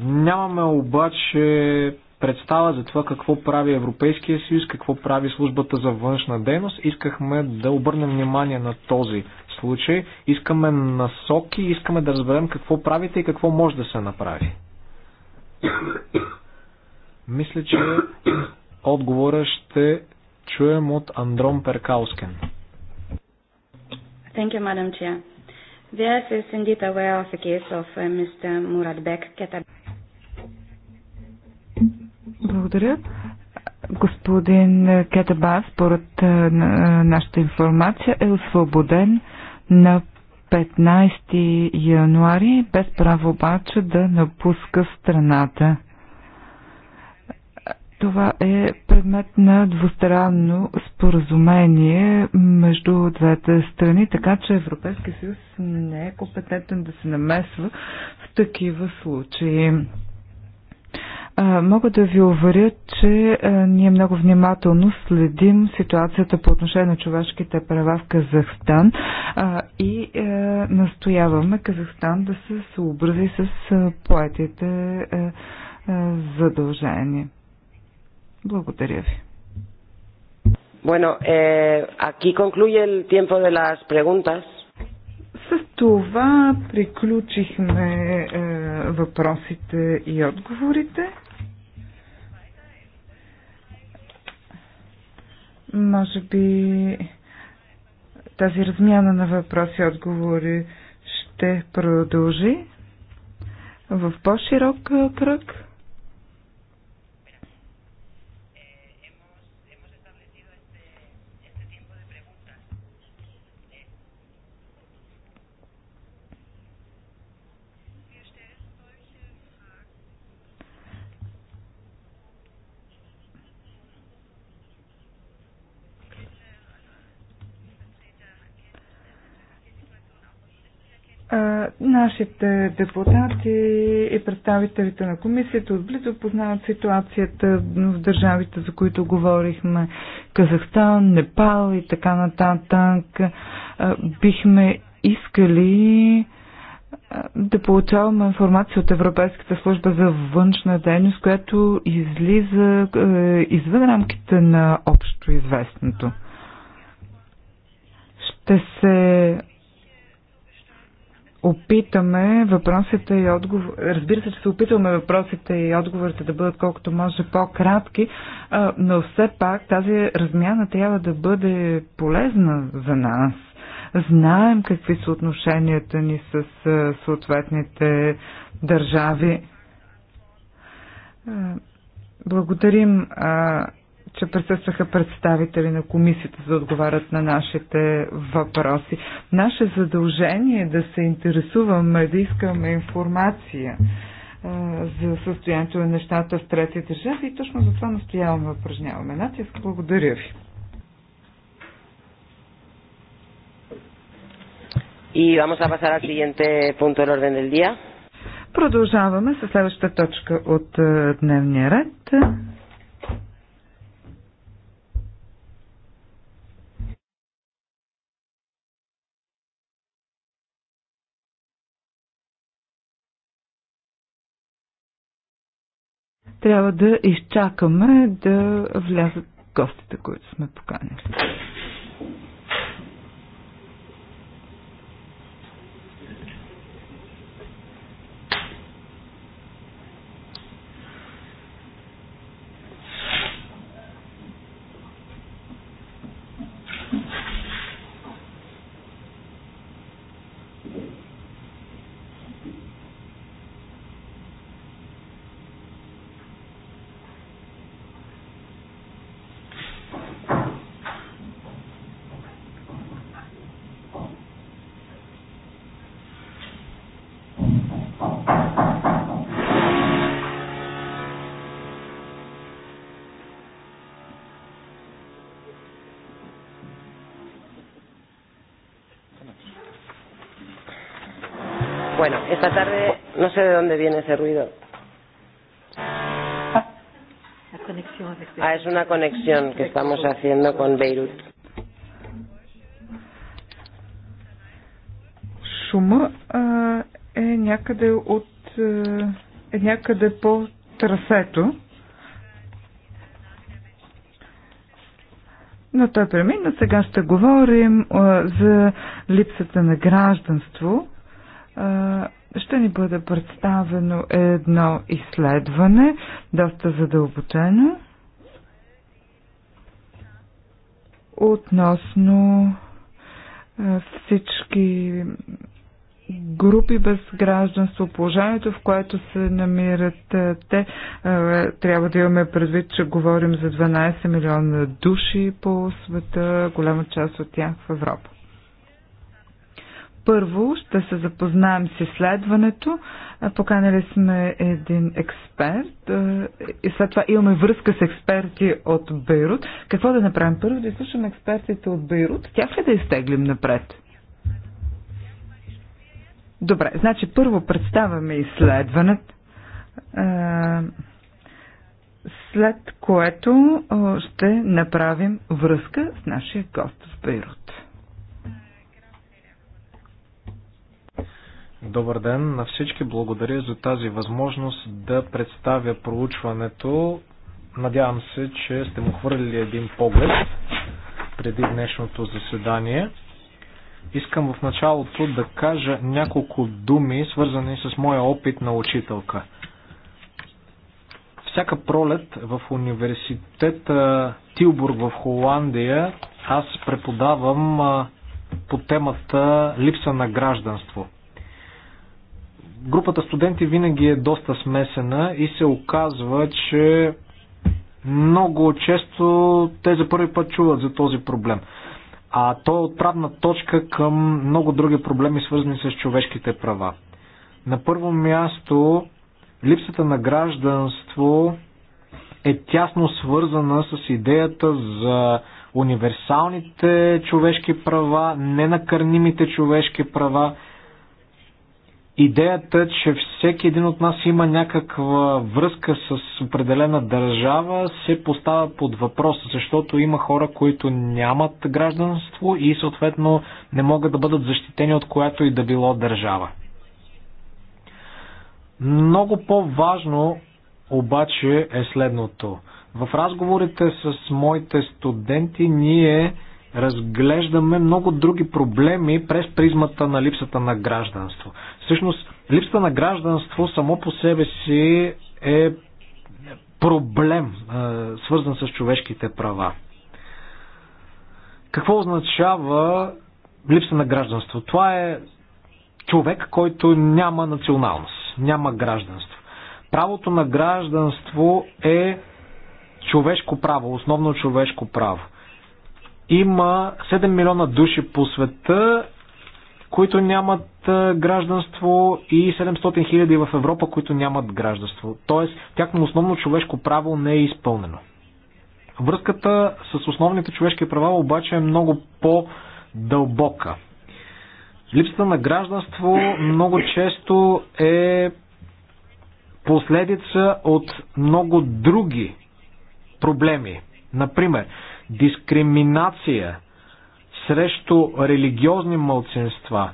Нямаме обаче представа за това какво прави Европейския съюз, какво прави службата за външна дейност. Искахме да обърнем внимание на този случай. Искаме насоки, искаме да разберем какво правите и какво може да се направи. Мисля, че отговора ще чуем от Андром Перкаускен. Thank you, Madam Chair. Yes, is indeed aware of the case of uh, Mr. Bek. Благодаря. Господин Кетаба, според нашата информация, е освободен на 15 януари, без право обаче да напуска страната. Това е предмет на двустранно споразумение между двете страни, така че Европейския съюз не е компетентен да се намесва в такива случаи. Мога да ви уверя, че ние много внимателно следим ситуацията по отношение на човешките права в Казахстан и е, настояваме Казахстан да се съобрази с поетите е, е, задължения. Благодаря ви. Bueno, eh, aquí concluye el tiempo de las preguntas. С това приключихме е, въпросите и отговорите. Може би тази размяна на въпроси и отговори ще продължи в по-широк кръг. Нашите депутати и представителите на комисията отблизо познават ситуацията в държавите, за които говорихме Казахстан, Непал и така нататък. Бихме искали да получаваме информация от Европейската служба за външна дейност, която излиза извън рамките на общо известното. Ще се опитаме въпросите и отговор... Разбира се, че се опитваме въпросите и отговорите да бъдат колкото може по-кратки, но все пак тази размяна трябва да бъде полезна за нас. Знаем какви са отношенията ни с съответните държави. Благодарим че присъстваха представители на комисията, за да отговарят на нашите въпроси. Наше задължение е да се интересуваме, да искаме информация за състоянието на нещата в трети държави и точно за това настояваме упражняваме натиск. Благодаря ви. И vamos a pasar al siguiente punto del orden del día. Продължаваме с следващата точка от дневния ред. Трябва да изчакаме да влязат гостите, които сме поканили. Esta tarde no sé de dónde viene ese ruido. Ah, es una conexión que estamos haciendo con Beirut. Шума а, е някъде от е някъде по трасето. Но той премина. Сега ще говорим а, за липсата на гражданство. А, ще ни бъде представено едно изследване, доста задълбочено, относно всички групи без гражданство, положението, в което се намират те. Трябва да имаме предвид, че говорим за 12 милиона души по света, голяма част от тях в Европа. Първо ще се запознаем с изследването. Поканали сме един експерт и след това имаме връзка с експерти от Бейрут. Какво да направим? Първо да изслушаме експертите от Бейрут. Тях ли да изтеглим напред? Добре, значи първо представяме изследването след което ще направим връзка с нашия гост в Бейрут. Добър ден на всички. Благодаря за тази възможност да представя проучването. Надявам се, че сте му хвърлили един поглед преди днешното заседание. Искам в началото да кажа няколко думи, свързани с моя опит на учителка. Всяка пролет в университета Тилбург в Холандия аз преподавам по темата липса на гражданство – групата студенти винаги е доста смесена и се оказва, че много често те за първи път чуват за този проблем. А то е отправна точка към много други проблеми, свързани с човешките права. На първо място, липсата на гражданство е тясно свързана с идеята за универсалните човешки права, ненакърнимите човешки права – идеята, че всеки един от нас има някаква връзка с определена държава, се поставя под въпрос, защото има хора, които нямат гражданство и съответно не могат да бъдат защитени от която и да било държава. Много по-важно обаче е следното. В разговорите с моите студенти ние разглеждаме много други проблеми през призмата на липсата на гражданство. Всъщност, липсата на гражданство само по себе си е проблем, е, свързан с човешките права. Какво означава липса на гражданство? Това е човек, който няма националност, няма гражданство. Правото на гражданство е човешко право, основно човешко право. Има 7 милиона души по света, които нямат гражданство и 700 хиляди в Европа, които нямат гражданство. Тоест, тяхно основно човешко право не е изпълнено. Връзката с основните човешки права обаче е много по-дълбока. Липсата на гражданство много често е последица от много други проблеми. Например, дискриминация срещу религиозни мълценства.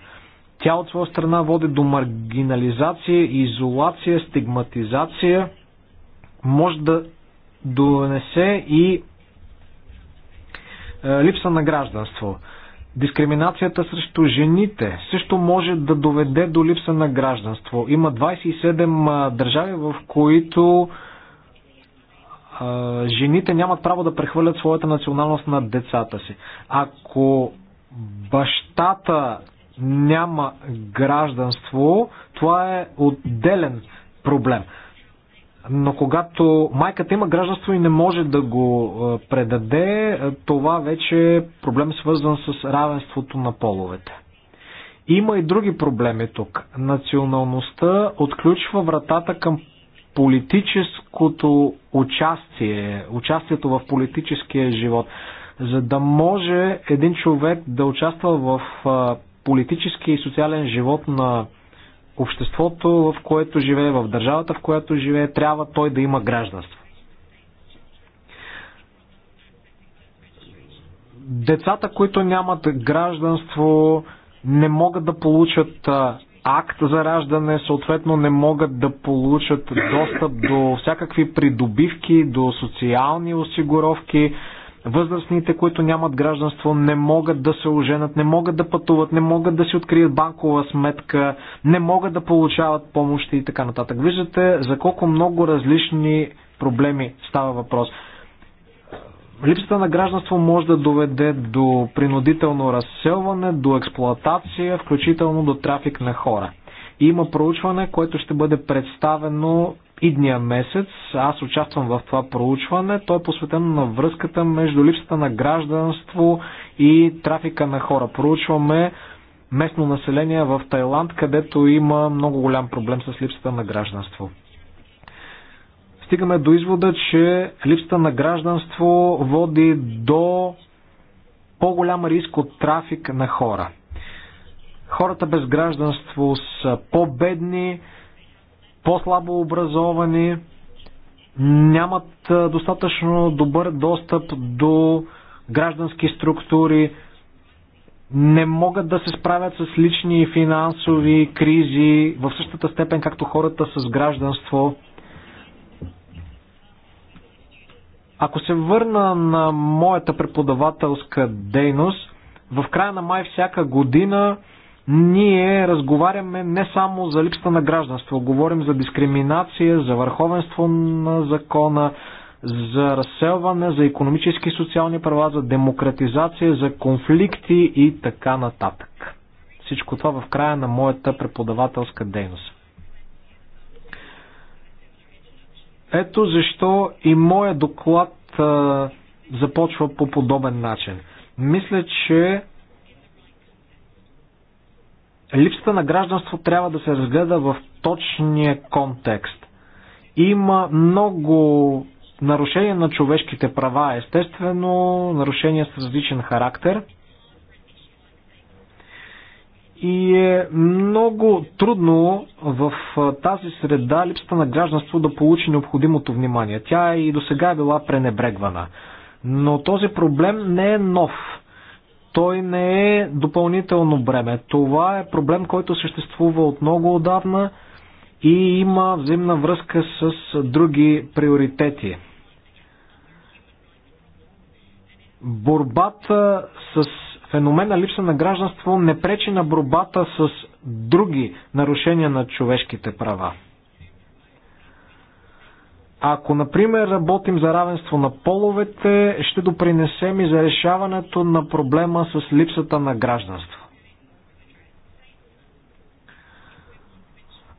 Тя от своя страна води до маргинализация, изолация, стигматизация, може да донесе и е, липса на гражданство. Дискриминацията срещу жените също може да доведе до липса на гражданство. Има 27 държави, в които жените нямат право да прехвърлят своята националност на децата си. Ако бащата няма гражданство, това е отделен проблем. Но когато майката има гражданство и не може да го предаде, това вече е проблем свързан с равенството на половете. Има и други проблеми тук. Националността отключва вратата към политическото участие, участието в политическия живот. За да може един човек да участва в политически и социален живот на обществото, в което живее, в държавата, в която живее, трябва той да има гражданство. Децата, които нямат гражданство, не могат да получат акт за раждане, съответно не могат да получат достъп до всякакви придобивки, до социални осигуровки. Възрастните, които нямат гражданство, не могат да се оженят, не могат да пътуват, не могат да си открият банкова сметка, не могат да получават помощи и така нататък. Виждате за колко много различни проблеми става въпрос. Липсата на гражданство може да доведе до принудително разселване, до експлоатация, включително до трафик на хора. Има проучване, което ще бъде представено идния месец. Аз участвам в това проучване. То е посветено на връзката между липсата на гражданство и трафика на хора. Проучваме местно население в Тайланд, където има много голям проблем с липсата на гражданство стигаме до извода, че липсата на гражданство води до по-голям риск от трафик на хора. Хората без гражданство са по-бедни, по-слабо образовани, нямат достатъчно добър достъп до граждански структури, не могат да се справят с лични финансови кризи в същата степен, както хората с гражданство. Ако се върна на моята преподавателска дейност, в края на май всяка година ние разговаряме не само за липса на гражданство, говорим за дискриминация, за върховенство на закона, за разселване, за економически и социални права, за демократизация, за конфликти и така нататък. Всичко това в края на моята преподавателска дейност. Ето защо и моя доклад а, започва по подобен начин. Мисля, че липсата на гражданство трябва да се разгледа в точния контекст. Има много нарушения на човешките права, естествено, нарушения с различен характер – и е много трудно в тази среда липсата на гражданство да получи необходимото внимание. Тя и до сега е била пренебрегвана. Но този проблем не е нов. Той не е допълнително бреме. Това е проблем, който съществува от много отдавна и има взаимна връзка с други приоритети. Борбата с феномена липса на гражданство не пречи на борбата с други нарушения на човешките права. Ако, например, работим за равенство на половете, ще допринесем и за решаването на проблема с липсата на гражданство.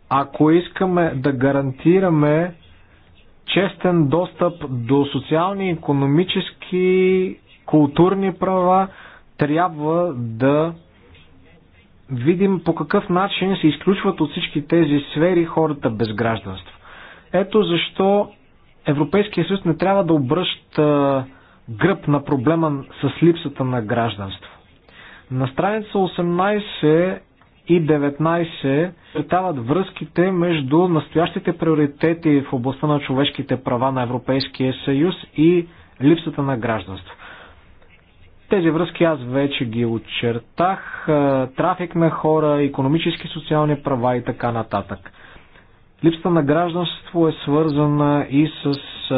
Ако искаме да гарантираме честен достъп до социални, економически, културни права, трябва да видим по какъв начин се изключват от всички тези сфери хората без гражданство. Ето защо Европейския съюз не трябва да обръща гръб на проблема с липсата на гражданство. На страница 18 и 19 чертават връзките между настоящите приоритети в областта на човешките права на Европейския съюз и липсата на гражданство. Тези връзки аз вече ги очертах. Е, трафик на хора, економически, социални права и така нататък. Липсата на гражданство е свързана и с е,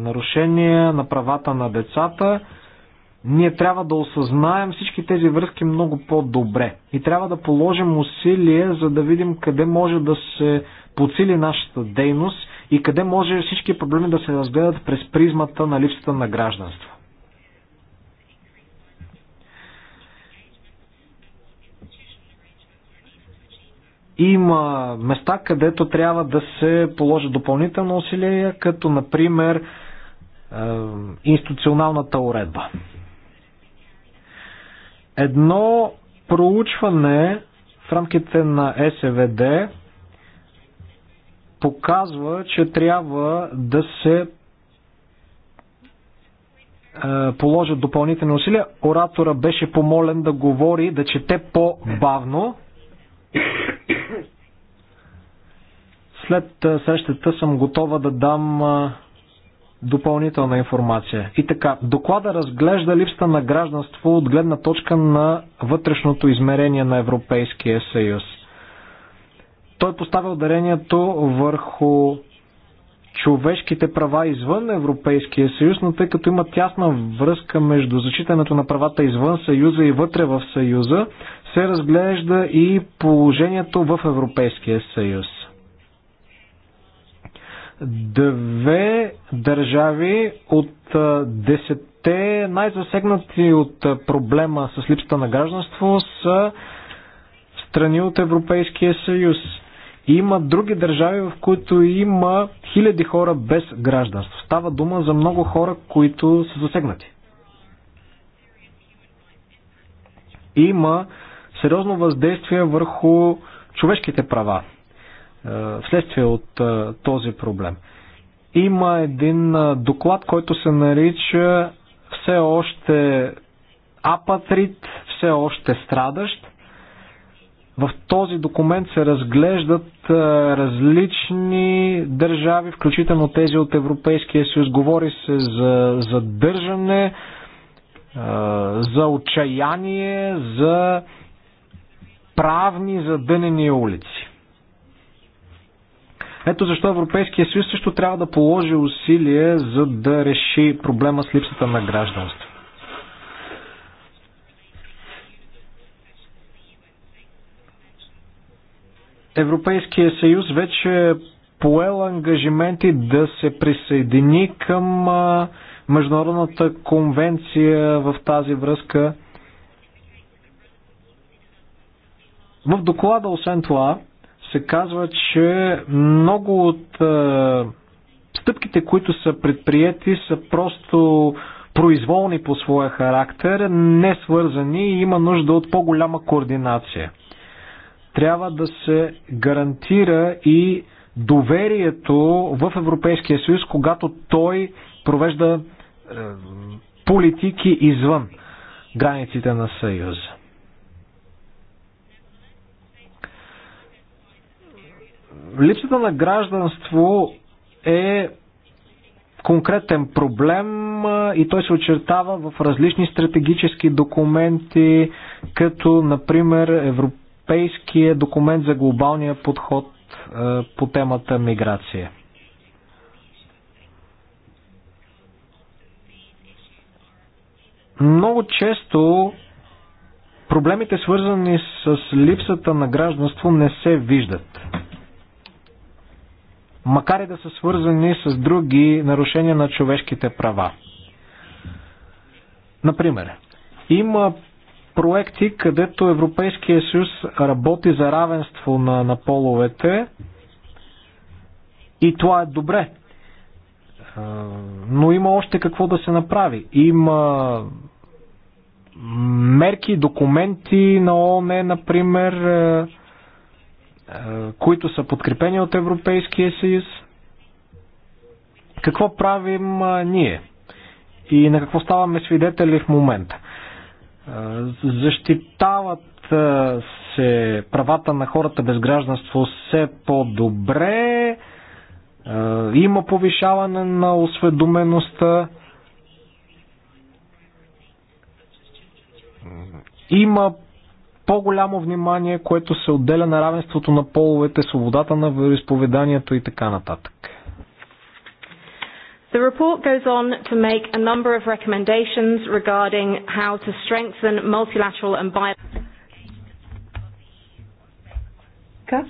нарушения на правата на децата. Ние трябва да осъзнаем всички тези връзки много по-добре и трябва да положим усилие, за да видим къде може да се подсили нашата дейност и къде може всички проблеми да се разгледат през призмата на липсата на гражданство. Има места, където трябва да се положи допълнително усилия, като например е, институционалната уредба. Едно проучване в рамките на СВД показва, че трябва да се е, положат допълнителни усилия. Оратора беше помолен да говори, да чете по-бавно. След срещата съм готова да дам допълнителна информация. И така, доклада разглежда липста на гражданство от гледна точка на вътрешното измерение на Европейския съюз. Той поставя ударението върху човешките права извън Европейския съюз, но тъй като има тясна връзка между зачитането на правата извън съюза и вътре в съюза, се разглежда и положението в Европейския съюз. Две държави от десетте най-засегнати от проблема с липсата на гражданство са страни от Европейския съюз. Има други държави, в които има хиляди хора без гражданство. Става дума за много хора, които са засегнати. Има сериозно въздействие върху човешките права е, вследствие от е, този проблем. Има един е, доклад, който се нарича все още апатрит, все още страдащ. В този документ се разглеждат различни държави, включително тези от Европейския съюз. Говори се за задържане, за отчаяние, за правни задънени улици. Ето защо Европейския съюз също трябва да положи усилие за да реши проблема с липсата на гражданство. Европейския съюз вече е поел ангажименти да се присъедини към Международната конвенция в тази връзка – В доклада, освен това, се казва, че много от е, стъпките, които са предприяти, са просто произволни по своя характер, не свързани и има нужда от по-голяма координация. Трябва да се гарантира и доверието в Европейския съюз, когато той провежда е, политики извън границите на съюза. Липсата на гражданство е конкретен проблем и той се очертава в различни стратегически документи, като например Европейския документ за глобалния подход по темата миграция. Много често проблемите свързани с липсата на гражданство не се виждат макар и да са свързани с други нарушения на човешките права. Например, има проекти, където Европейския съюз работи за равенство на, на половете и това е добре. Но има още какво да се направи. Има мерки, документи на ООН, например, които са подкрепени от Европейския съюз. Какво правим ние? И на какво ставаме свидетели в момента? Защитават се правата на хората без гражданство все по-добре, има повишаване на осведомеността, има по-голямо внимание, което се отделя на равенството на половете, свободата на вероисповеданието и така нататък. The report goes on to make a number of recommendations regarding how to strengthen multilateral and Как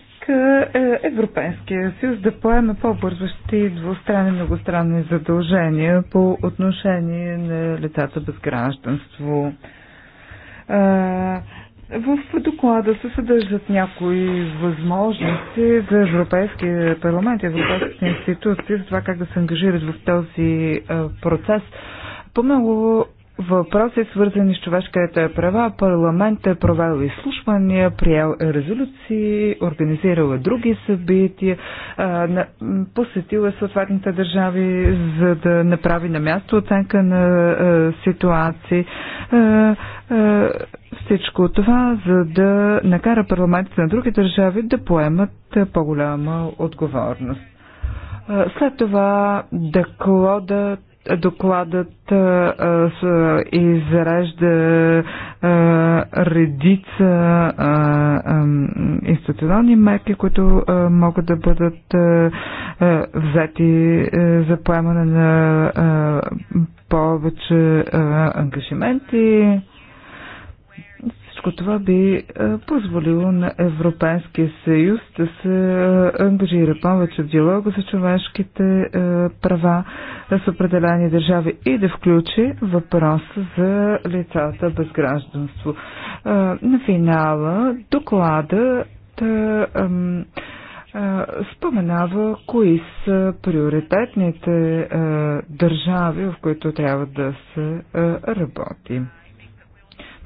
е, Европейския съюз да поеме по-бързащи двустранни и многостранни задължения по отношение на лицата без гражданство? Е, в доклада се съдържат някои възможности за Европейския парламент и европейските институции за това как да се ангажират в този процес. По много въпроси, свързани с човешката права, парламент е провел изслушвания, приел резолюции, организирал е други събития, посетил е съответните държави, за да направи на място оценка на ситуации. Всичко това, за да накара парламентите на други държави да поемат по-голяма отговорност. След това докладът Докладът изрежда редица институционални мерки, които могат да бъдат взети за поемане на повече ангажименти. Всичко това би е, позволило на Европейския съюз да се е, ангажира повече в диалога за човешките е, права с определени държави и да включи въпроса за лицата без гражданство. На финала доклада да, споменава кои са приоритетните държави, в които трябва да се работи.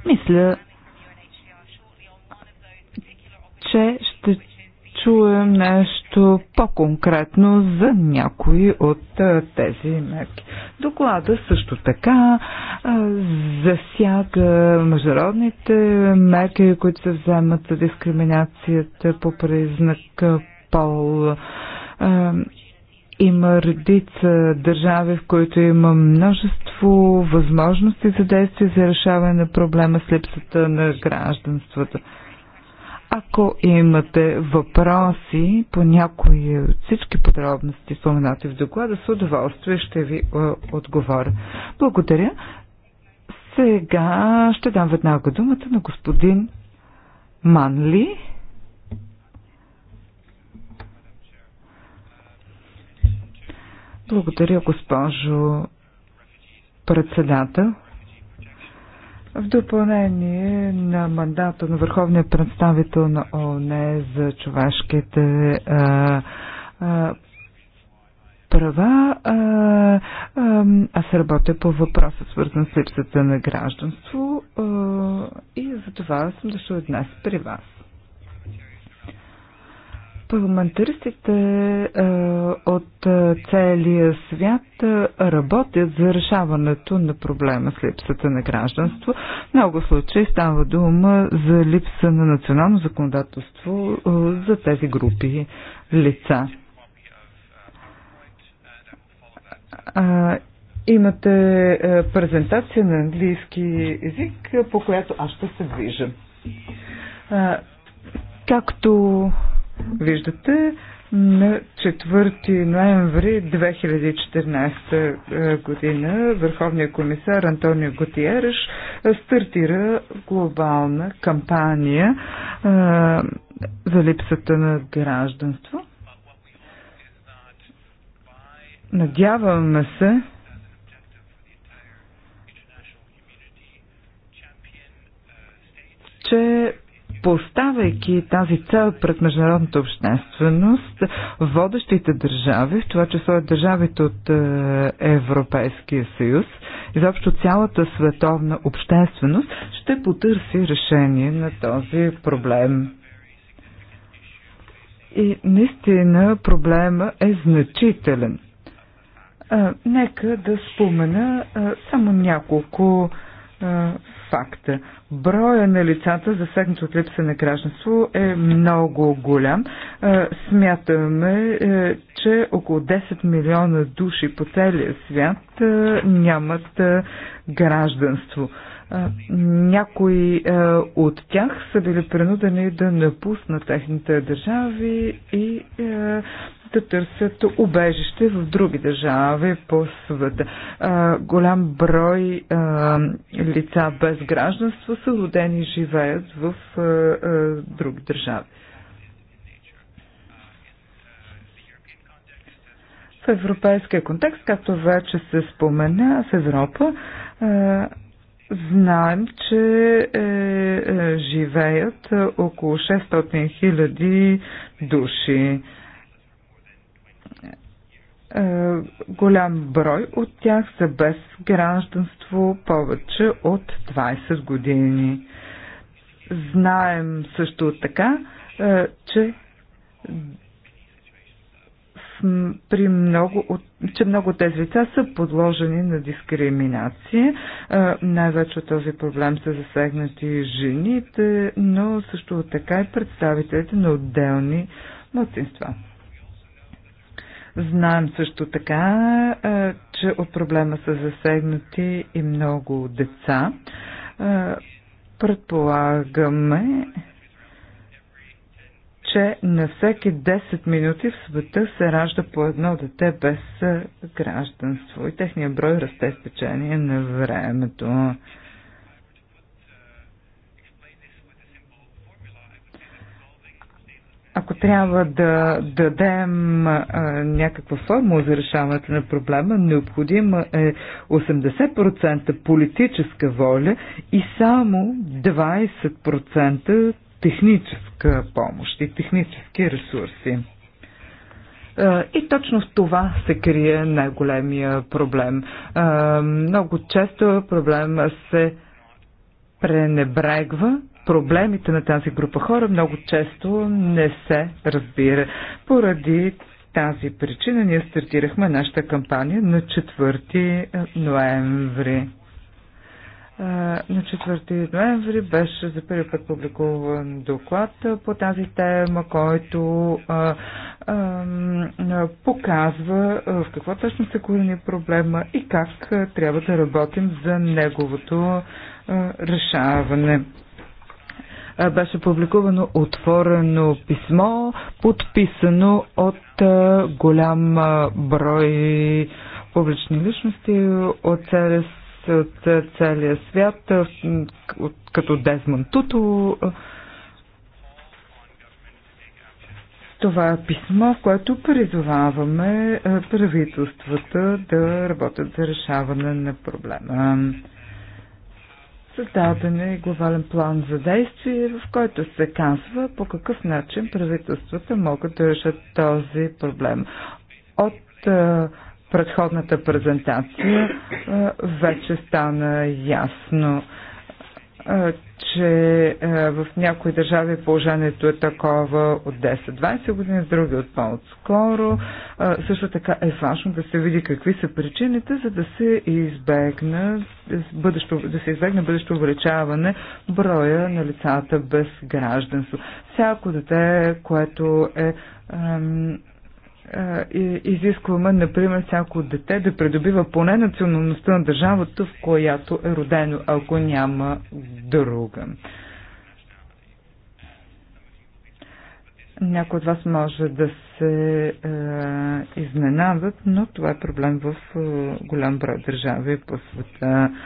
Мисля, че ще чуем нещо по-конкретно за някои от тези мерки. Доклада също така засяга международните мерки, които се вземат за дискриминацията по признак пол. Има редица държави, в които има множество възможности за действие за решаване на проблема с липсата на гражданството. Ако имате въпроси по някои от всички подробности, споменати в доклада, с удоволствие ще ви е, отговоря. Благодаря. Сега ще дам веднага думата на господин Манли. Благодаря, госпожо председател. В допълнение на мандата на Върховния представител на ООН за човешките а, а, права, а, а, аз работя по въпроса, свързан с липсата на гражданство а, и за това съм дошъл днес при вас. Парламентаристите е, от е, целия свят е, работят за решаването на проблема с липсата на гражданство. В много случаи става дума за липса на национално законодателство за тези групи лица. Имате презентация на английски язик, по която аз ще се движа. Както Виждате, на 4 ноември 2014 е, година Върховният комисар Антонио Готиереш е, стартира глобална кампания а, е, за липсата на гражданство. Надяваме се, че Поставяйки тази цел пред международната общественост, водещите държави, в това число държавите от е, Европейския съюз, изобщо цялата световна общественост, ще потърси решение на този проблем. И наистина проблема е значителен. А, е, нека да спомена а, е, само няколко факта. Броя на лицата, засегнати от липса на гражданство, е много голям. Смятаме, е, че около 10 милиона души по целия свят нямат гражданство. Някои от тях са били принудени да напуснат техните държави и да търсят убежище в други държави по света. Голям брой а, лица без гражданство са родени и живеят в а, а, други държави. В европейския контекст, както вече се спомена, в Европа а, Знаем, че е, е, живеят около 600 000 души. Е, голям брой от тях са без гражданство повече от 20 години. Знаем също така, е, че при много от, че много от тези лица са подложени на дискриминация. Е, най-вече от този проблем са засегнати жените, но също така и представителите на отделни младсинства. Знаем също така, че от проблема са засегнати и много деца. Предполагаме, че на всеки 10 минути в света се ражда по едно дете без гражданство и техния брой расте с течение на времето. Ако трябва да дадем а, някаква формула за решаването на проблема, необходима е 80% политическа воля и само 20% техническа помощ и технически ресурси. И точно в това се крие най-големия проблем. Много често проблема се пренебрегва проблемите на тази група хора много често не се разбира. Поради тази причина ние стартирахме нашата кампания на 4 е, ноември. Е, на 4 ноември беше за първи път публикуван доклад по тази тема, който а, е, а, показва в какво точно се корени проблема и как трябва да работим за неговото а, решаване беше публикувано отворено писмо, подписано от голям брой публични личности от целия, от целия свят, като Дезман Туто. Това е писмо, в което призоваваме правителствата да работят за решаване на проблема. Създаден е глобален план за действие, в който се казва по какъв начин правителствата могат да решат този проблем. От предходната презентация вече стана ясно че в някои държави положението е такова от 10-20 години, в други от по-отскоро. Също така е важно да се види какви са причините, за да се избегне бъдещо, да се избегне бъдещо увеличаване броя на лицата без гражданство. Всяко дете, което е изискваме, например, всяко дете да придобива поне националността на държавата, в която е родено, ако няма друга. Някои от вас може да се е, изненадат, но това е проблем в е, голям брой държави по света.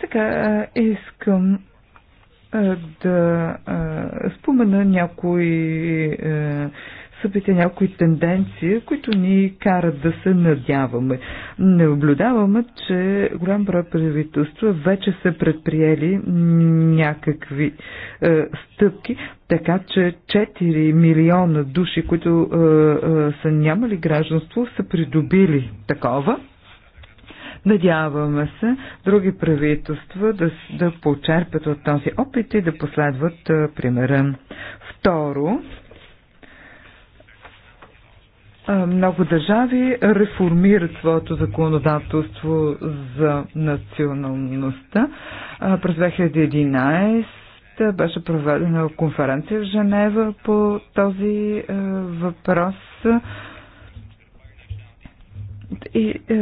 Сега е, искам да спомена някои събития, някои тенденции, които ни карат да се надяваме. Наблюдаваме, че голям брой правителства вече са предприели някакви стъпки, така че 4 милиона души, които са нямали гражданство, са придобили такова. Надяваме се други правителства да, да почерпят от този опит и да последват а, примера. Второ, много държави реформират своето законодателство за националността. През 2011 беше проведена конференция в Женева по този въпрос. И е,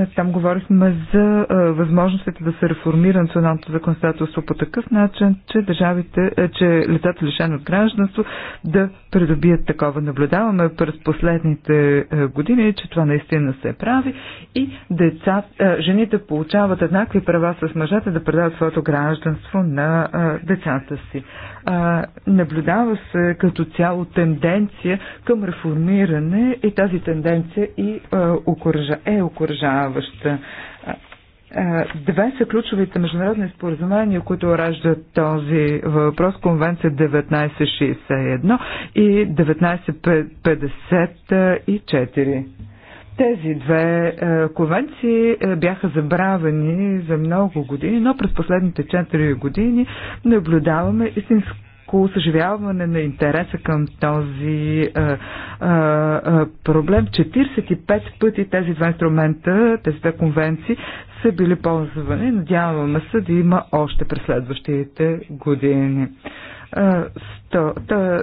е, там говорихме за е, възможностите да се реформира националното законодателство по такъв начин, че държавите, е, че лицата лишени от гражданство да придобият такова. Наблюдаваме през последните е, години, че това наистина се прави и деца, е, жените получават еднакви права с мъжете да предават своето гражданство на е, децата си. А, наблюдава се като цяло тенденция към реформиране и тази тенденция и, а, е окоръжаваща. Две са ключовите международни споразумения, които раждат този въпрос. Конвенция 1961 и 1954. Тези две е, конвенции е, бяха забравени за много години, но през последните 4 години наблюдаваме истинско съживяване на интереса към този а, а, а, проблем. 45 пъти тези два инструмента, тези две конвенции са били ползвани. Надяваме се да има още през следващите години. А, е, сто, та,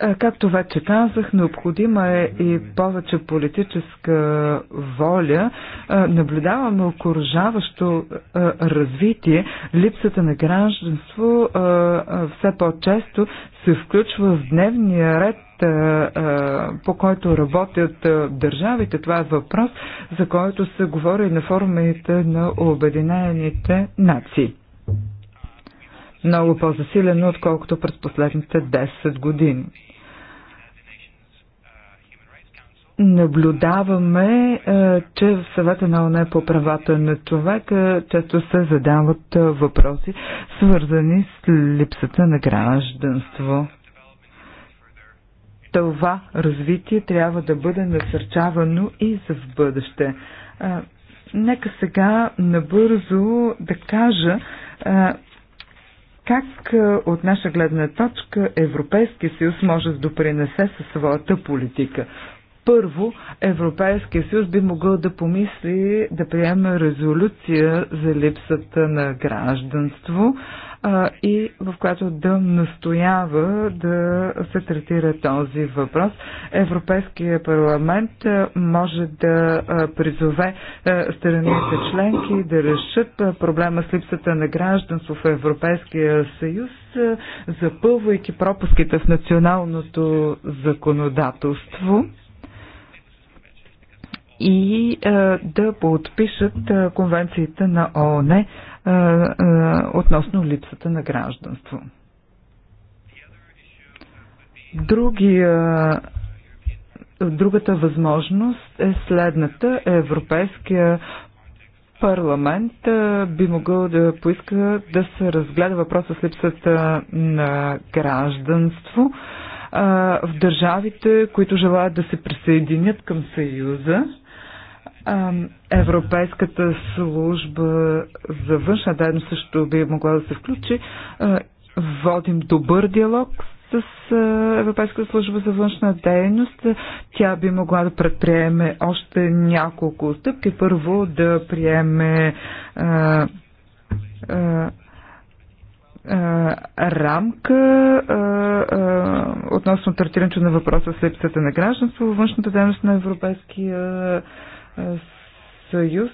Е, както вече казах, необходима е и повече политическа воля. Е, наблюдаваме окоръжаващо е, развитие. Липсата на гражданство все по-често се включва в дневния ред по който работят държавите. Това е въпрос, за който се говори на форумите на Обединените нации много по-засилено, отколкото през последните 10 години. Наблюдаваме, е, че в съвета на ОНЕ по правата на човека често се задават е, въпроси, свързани с липсата на гражданство. Това развитие трябва да бъде насърчавано и за в бъдеще. Е, нека сега набързо да кажа как от наша гледна точка Европейския съюз може да допринесе със своята политика. Първо, Европейския съюз би могъл да помисли да приеме резолюция за липсата на гражданство а, и в която да настоява да се третира този въпрос. Европейския парламент може да призове страните членки да решат проблема с липсата на гражданство в Европейския съюз, запълвайки пропуските в националното законодателство и е, да подпишат е, конвенцията на ООН е, относно липсата на гражданство. Другия Другата възможност е следната. Европейския парламент би могъл да поиска да се разгледа въпроса с липсата на гражданство в държавите, които желаят да се присъединят към Съюза Европейската служба за външна дейност също би могла да се включи. Водим добър диалог с Европейската служба за външна дейност. Тя би могла да предприеме още няколко стъпки. Първо да приеме рамка относно третирането на въпроса с липсата на гражданство във външната дейност на Европейския съюз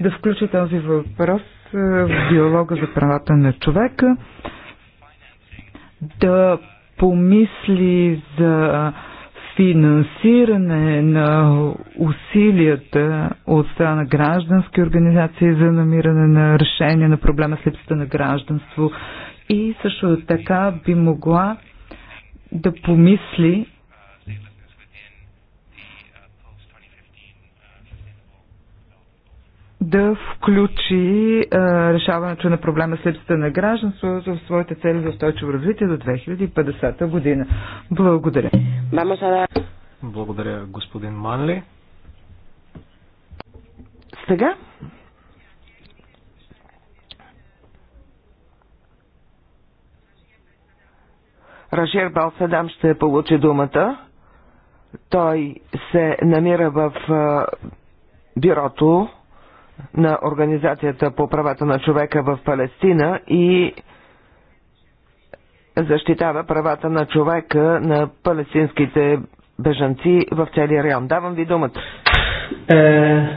да включи този въпрос в диалога за правата на човека, да помисли за финансиране на усилията от страна на граждански организации за намиране на решение на проблема с липсата на гражданство и също така би могла да помисли да включи а, решаването на проблема с липсата на гражданство в своите цели за устойчиво развитие до 2050 година. Благодаря. Благодаря, господин Манли. Сега Рашер Балсадам ще получи думата. Той се намира в бюрото на Организацията по правата на човека в Палестина и защитава правата на човека на палестинските бежанци в целия район. Давам ви думата. Uh,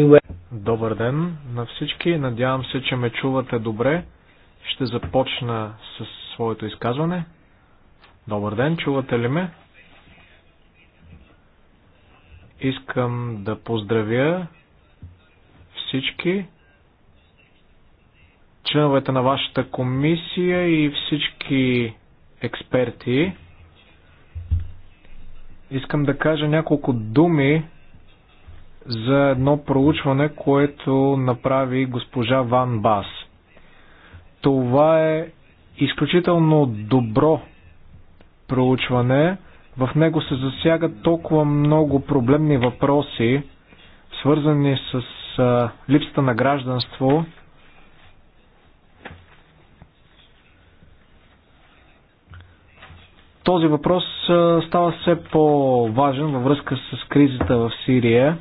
well. Добър ден на всички. Надявам се, че ме чувате добре. Ще започна с своето изказване. Добър ден, чувате ли ме? Искам да поздравя всички членовете на вашата комисия и всички експерти. Искам да кажа няколко думи за едно проучване, което направи госпожа Ван Бас. Това е изключително добро проучване. В него се засягат толкова много проблемни въпроси, свързани с а, липсата на гражданство. Този въпрос а, става все по-важен във връзка с кризата в Сирия.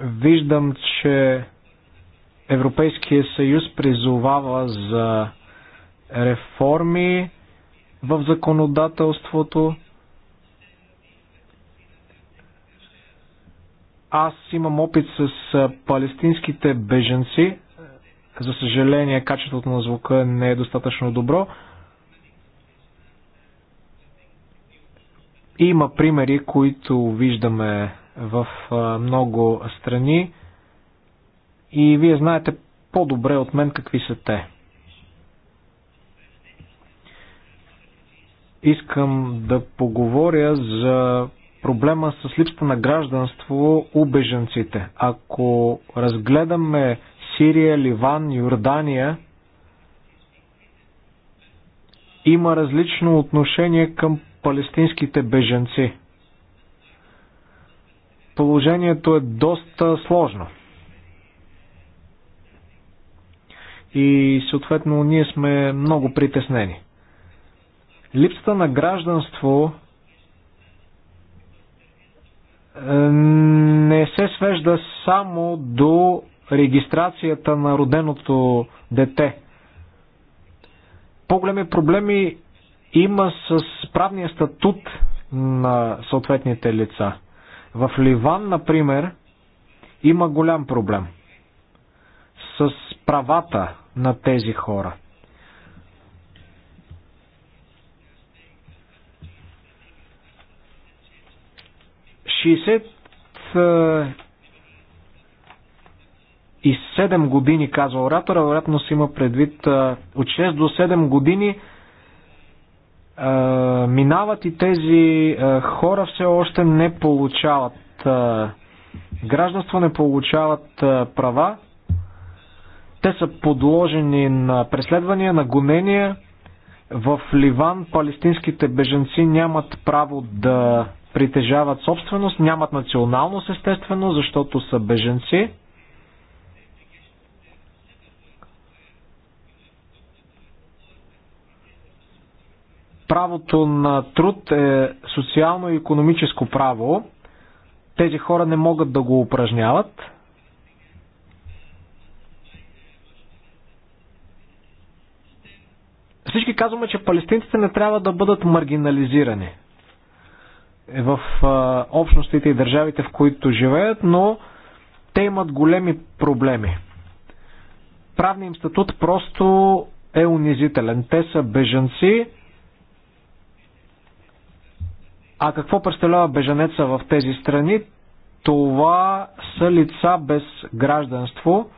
Виждам, че Европейския съюз призовава за реформи в законодателството. Аз имам опит с палестинските беженци. За съжаление, качеството на звука не е достатъчно добро. Има примери, които виждаме в много страни и вие знаете по-добре от мен какви са те. искам да поговоря за проблема с липсата на гражданство у беженците. Ако разгледаме Сирия, Ливан, Йордания, има различно отношение към палестинските беженци. Положението е доста сложно. И съответно ние сме много притеснени. Липсата на гражданство е, не се свежда само до регистрацията на роденото дете. По-големи проблеми има с правния статут на съответните лица. В Ливан, например, има голям проблем с правата на тези хора – 60 е, и 7 години, казва оратора, вероятно си има предвид е, от 6 до 7 години е, минават и тези хора все още не получават гражданство, не получават права. Те са подложени на преследвания, на гонения. В Ливан палестинските беженци нямат право да притежават собственост, нямат националност естествено, защото са беженци. Правото на труд е социално и економическо право. Тези хора не могат да го упражняват. Всички казваме, че палестинците не трябва да бъдат маргинализирани – е в общностите и държавите, в които живеят, но те имат големи проблеми. Правният им статут просто е унизителен. Те са бежанци. А какво представлява бежанеца в тези страни? Това са лица без гражданство.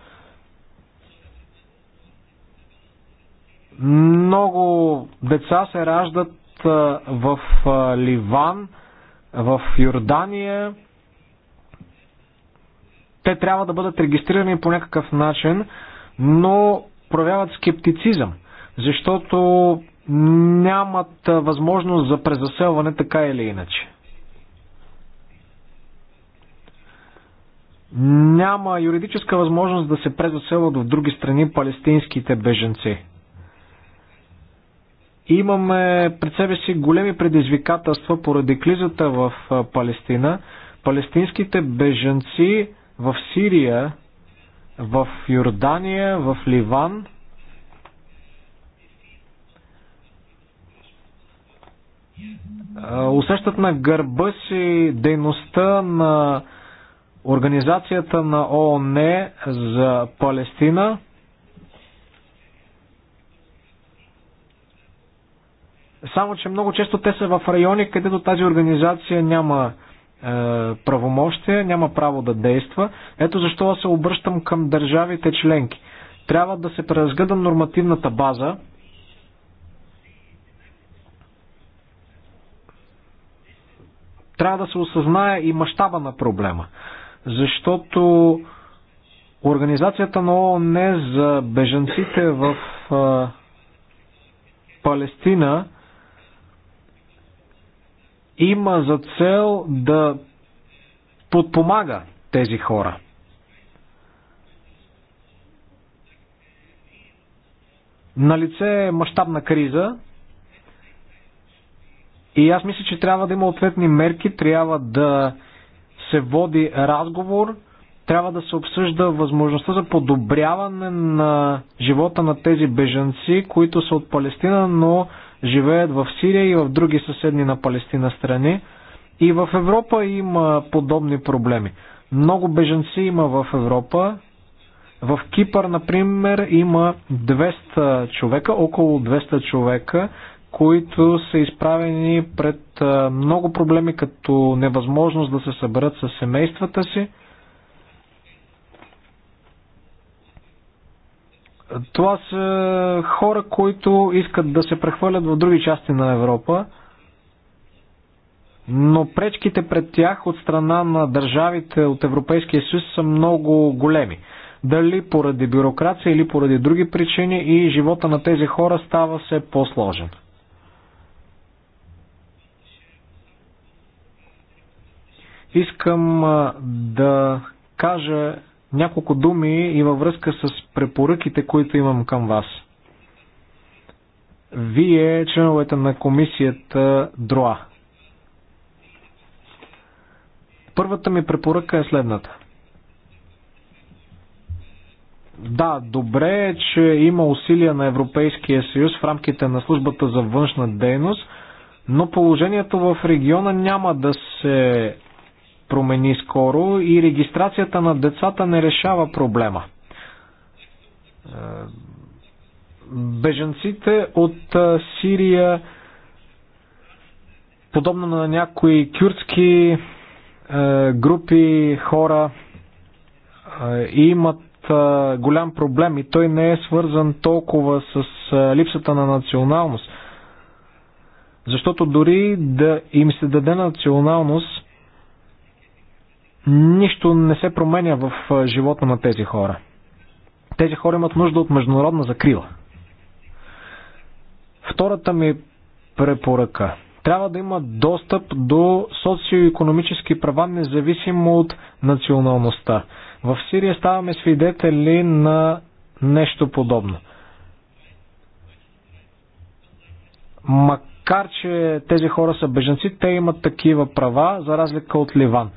Много деца се раждат в Ливан – в Йордания те трябва да бъдат регистрирани по някакъв начин, но проявяват скептицизъм, защото нямат възможност за презаселване така или иначе. Няма юридическа възможност да се презаселват в други страни палестинските беженци. Имаме пред себе си големи предизвикателства поради клизата в Палестина. Палестинските бежанци в Сирия, в Йордания, в Ливан усещат на гърба си дейността на Организацията на ООН за Палестина. Само, че много често те са в райони, където тази организация няма е, правомощия, няма право да действа. Ето защо аз се обръщам към държавите членки. Трябва да се преразгледа нормативната база. Трябва да се осъзнае и мащаба на проблема. Защото Организацията на ООН за бежанците в е, Палестина има за цел да подпомага тези хора. Налице е мащабна криза и аз мисля, че трябва да има ответни мерки, трябва да се води разговор, трябва да се обсъжда възможността за подобряване на живота на тези бежанци, които са от Палестина, но живеят в Сирия и в други съседни на Палестина страни. И в Европа има подобни проблеми. Много беженци има в Европа. В Кипър, например, има 200 човека, около 200 човека, които са изправени пред много проблеми, като невъзможност да се съберат с семействата си. Това са хора, които искат да се прехвърлят в други части на Европа, но пречките пред тях от страна на държавите от Европейския съюз са много големи. Дали поради бюрокрация или поради други причини и живота на тези хора става все по-сложен. Искам да кажа няколко думи и във връзка с препоръките, които имам към вас. Вие, членовете на комисията ДРОА. Първата ми препоръка е следната. Да, добре е, че има усилия на Европейския съюз в рамките на службата за външна дейност, но положението в региона няма да се промени скоро и регистрацията на децата не решава проблема. Е, Беженците от е, Сирия, подобно на някои кюртски е, групи хора, имат голям проблем и той не е свързан толкова с липсата на националност. Защото дори да им се даде националност, нищо не се променя в живота на тези хора. Тези хора имат нужда от международна закрила. Втората ми препоръка. Трябва да има достъп до социо-економически права, независимо от националността. В Сирия ставаме свидетели на нещо подобно. Макар, че тези хора са беженци, те имат такива права, за разлика от Ливан.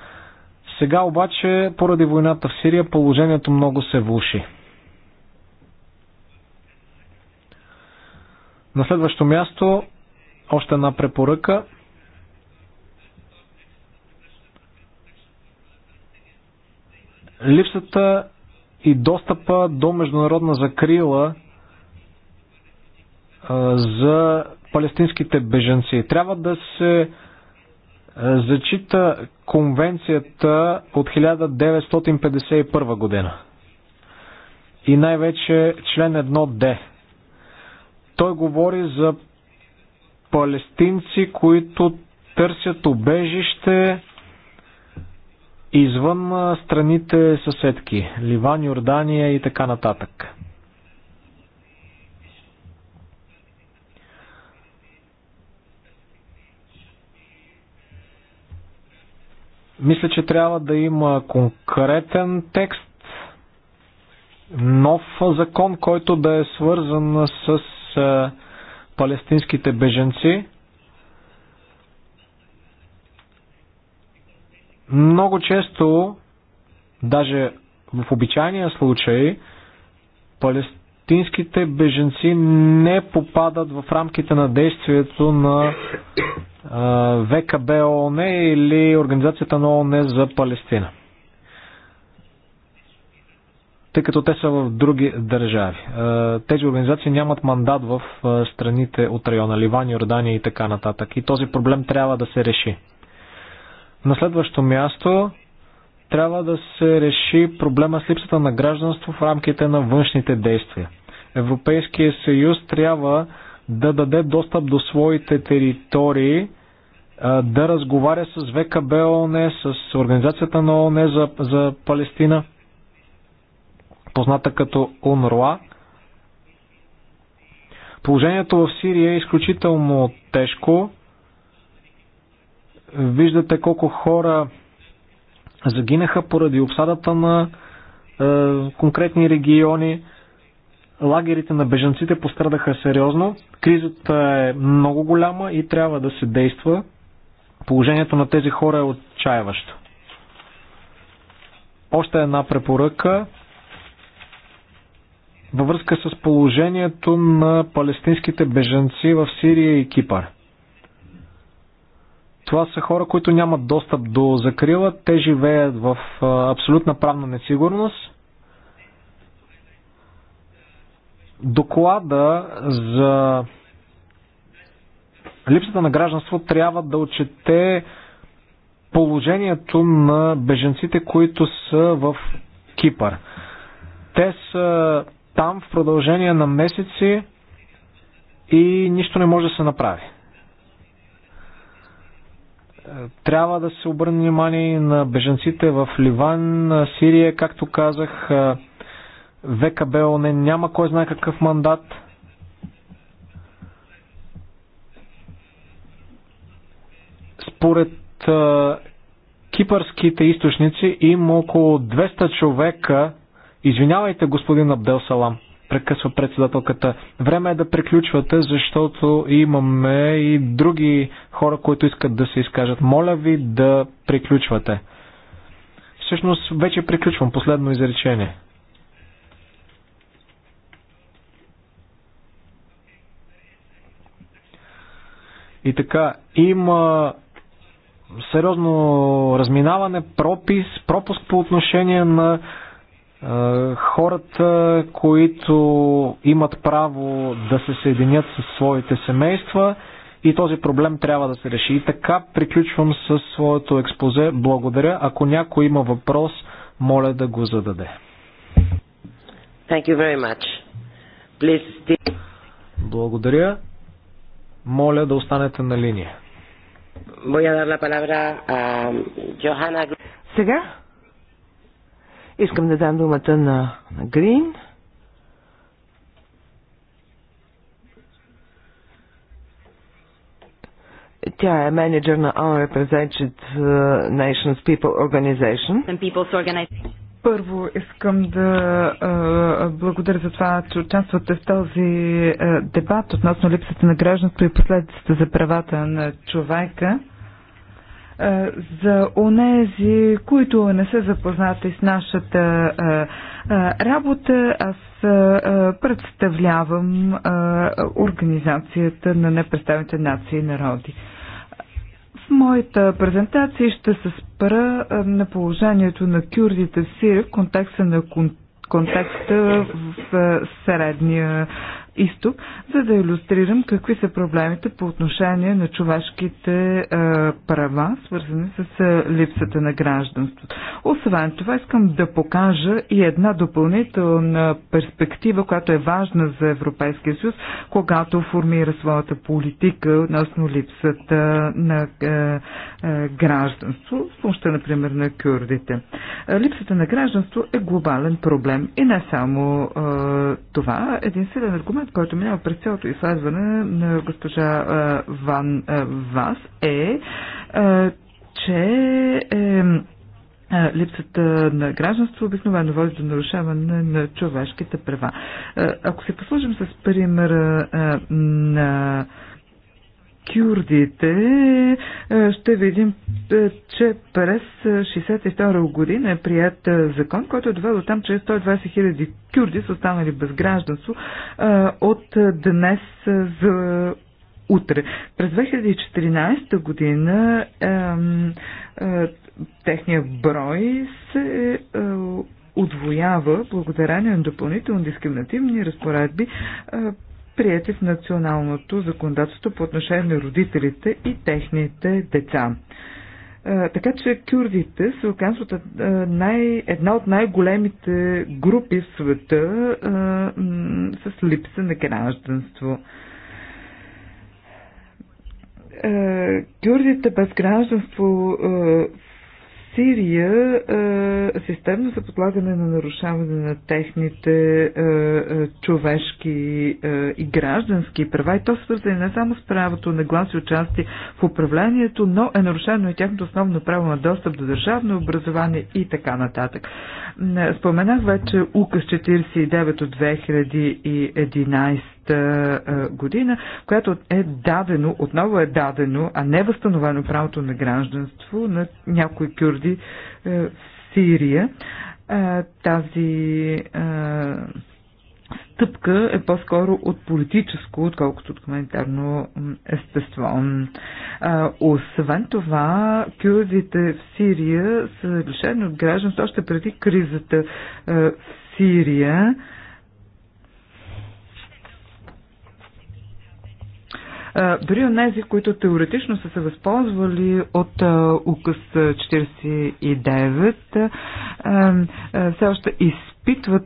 Сега обаче, поради войната в Сирия, положението много се влуши. На следващо място, още една препоръка. Липсата и достъпа до международна закрила за палестинските беженци. Трябва да се е, зачита конвенцията от 1951 година. И най-вече член 1D. Той говори за палестинци, които търсят обежище извън страните съседки Ливан, Йордания и така нататък. Мисля, че трябва да има конкретен текст, нов закон, който да е свързан с е, палестинските беженци. Много често, даже в обичайния случай, палестинските беженци не попадат в рамките на действието на ВКБ ООН или Организацията на ООН за Палестина. Тъй като те са в други държави. Тези организации нямат мандат в страните от района Ливан, Йордания и така нататък. И този проблем трябва да се реши. На следващо място трябва да се реши проблема с липсата на гражданство в рамките на външните действия. Европейския съюз трябва да даде достъп до своите територии, да разговаря с ВКБ ООН, с Организацията на ООН за, за Палестина, позната като УНРУА. Положението в Сирия е изключително тежко. Виждате колко хора загинаха поради обсадата на е, конкретни региони. Лагерите на бежанците пострадаха сериозно. Кризата е много голяма и трябва да се действа. Положението на тези хора е отчаяващо. Още една препоръка във връзка с положението на палестинските беженци в Сирия и Кипър. Това са хора, които нямат достъп до закрила, те живеят в абсолютна правна несигурност. Доклада за липсата на гражданство трябва да отчете положението на беженците, които са в Кипър. Те са там в продължение на месеци и нищо не може да се направи. Трябва да се обърне внимание на беженците в Ливан, Сирия, както казах, ВКБ не няма кой знае какъв мандат. Според кипърските източници има около 200 човека. Извинявайте, господин Абдел Салам, прекъсва председателката. Време е да приключвате, защото имаме и други хора, които искат да се изкажат. Моля ви да приключвате. Всъщност вече приключвам. Последно изречение. И така, има сериозно разминаване, пропис, пропуск по отношение на е, хората, които имат право да се съединят с своите семейства и този проблем трябва да се реши. И така приключвам с своето експозе. Благодаря. Ако някой има въпрос, моля да го зададе. Thank you very much. Please... Благодаря. Моля да останете на линия. Сега искам да дам думата на, Грин. Тя е менеджер на Unrepresented uh, Nations People Organization. Първо искам да благодаря за това, че участвате в този дебат относно липсата на гражданство и последиците за правата на човека. За онези, които не са запознати с нашата работа, аз представлявам организацията на непредставените нации и народи моята презентация ще се спра на положението на кюрдите в Сирия в контекста на контекста в Средния изток, за да иллюстрирам какви са проблемите по отношение на човешките е, права, свързани с е, липсата на гражданство. Освен това, искам да покажа и една допълнителна перспектива, която е важна за Европейския съюз, когато формира своята политика относно липсата на е, е, гражданство, с помощта, например, на кюрдите. Липсата на гражданство е глобален проблем и не само е, това. Един силен аргумент Проблемът, който минава през цялото изследване на госпожа Ван Вас е, че е, липсата на гражданство обикновено води до нарушаване на човешките права. Ако се послужим с примера на кюрдите, е, ще видим, е, че през 1962 година е прият е, закон, който е довел до там, че 120 хиляди кюрди са останали без гражданство от днес за утре. През 2014 година техният брой се отвоява благодарение на допълнително дискриминативни разпоредби прияти в националното законодателство по отношение на родителите и техните деца. Така че кюрдите се оказват една от най-големите групи в света а, с липса на гражданство. Кюрдите без гражданство Сирия е, системно за подлагане на нарушаване на техните е, е, човешки и граждански права и то свързане не само с правото на глас и участие в управлението, но е нарушено и тяхното основно право на достъп до държавно образование и така нататък. Споменах вече указ 49 от 2011 2009 година, която е дадено, отново е дадено, а не е възстановено правото на гражданство на някои кюрди в Сирия. Тази стъпка е по-скоро от политическо, отколкото от хуманитарно естество. А, освен това, кюрдите в Сирия са лишени от гражданство още преди кризата а, в Сирия. дори от тези, които теоретично са се възползвали от указ 49, все още изпитват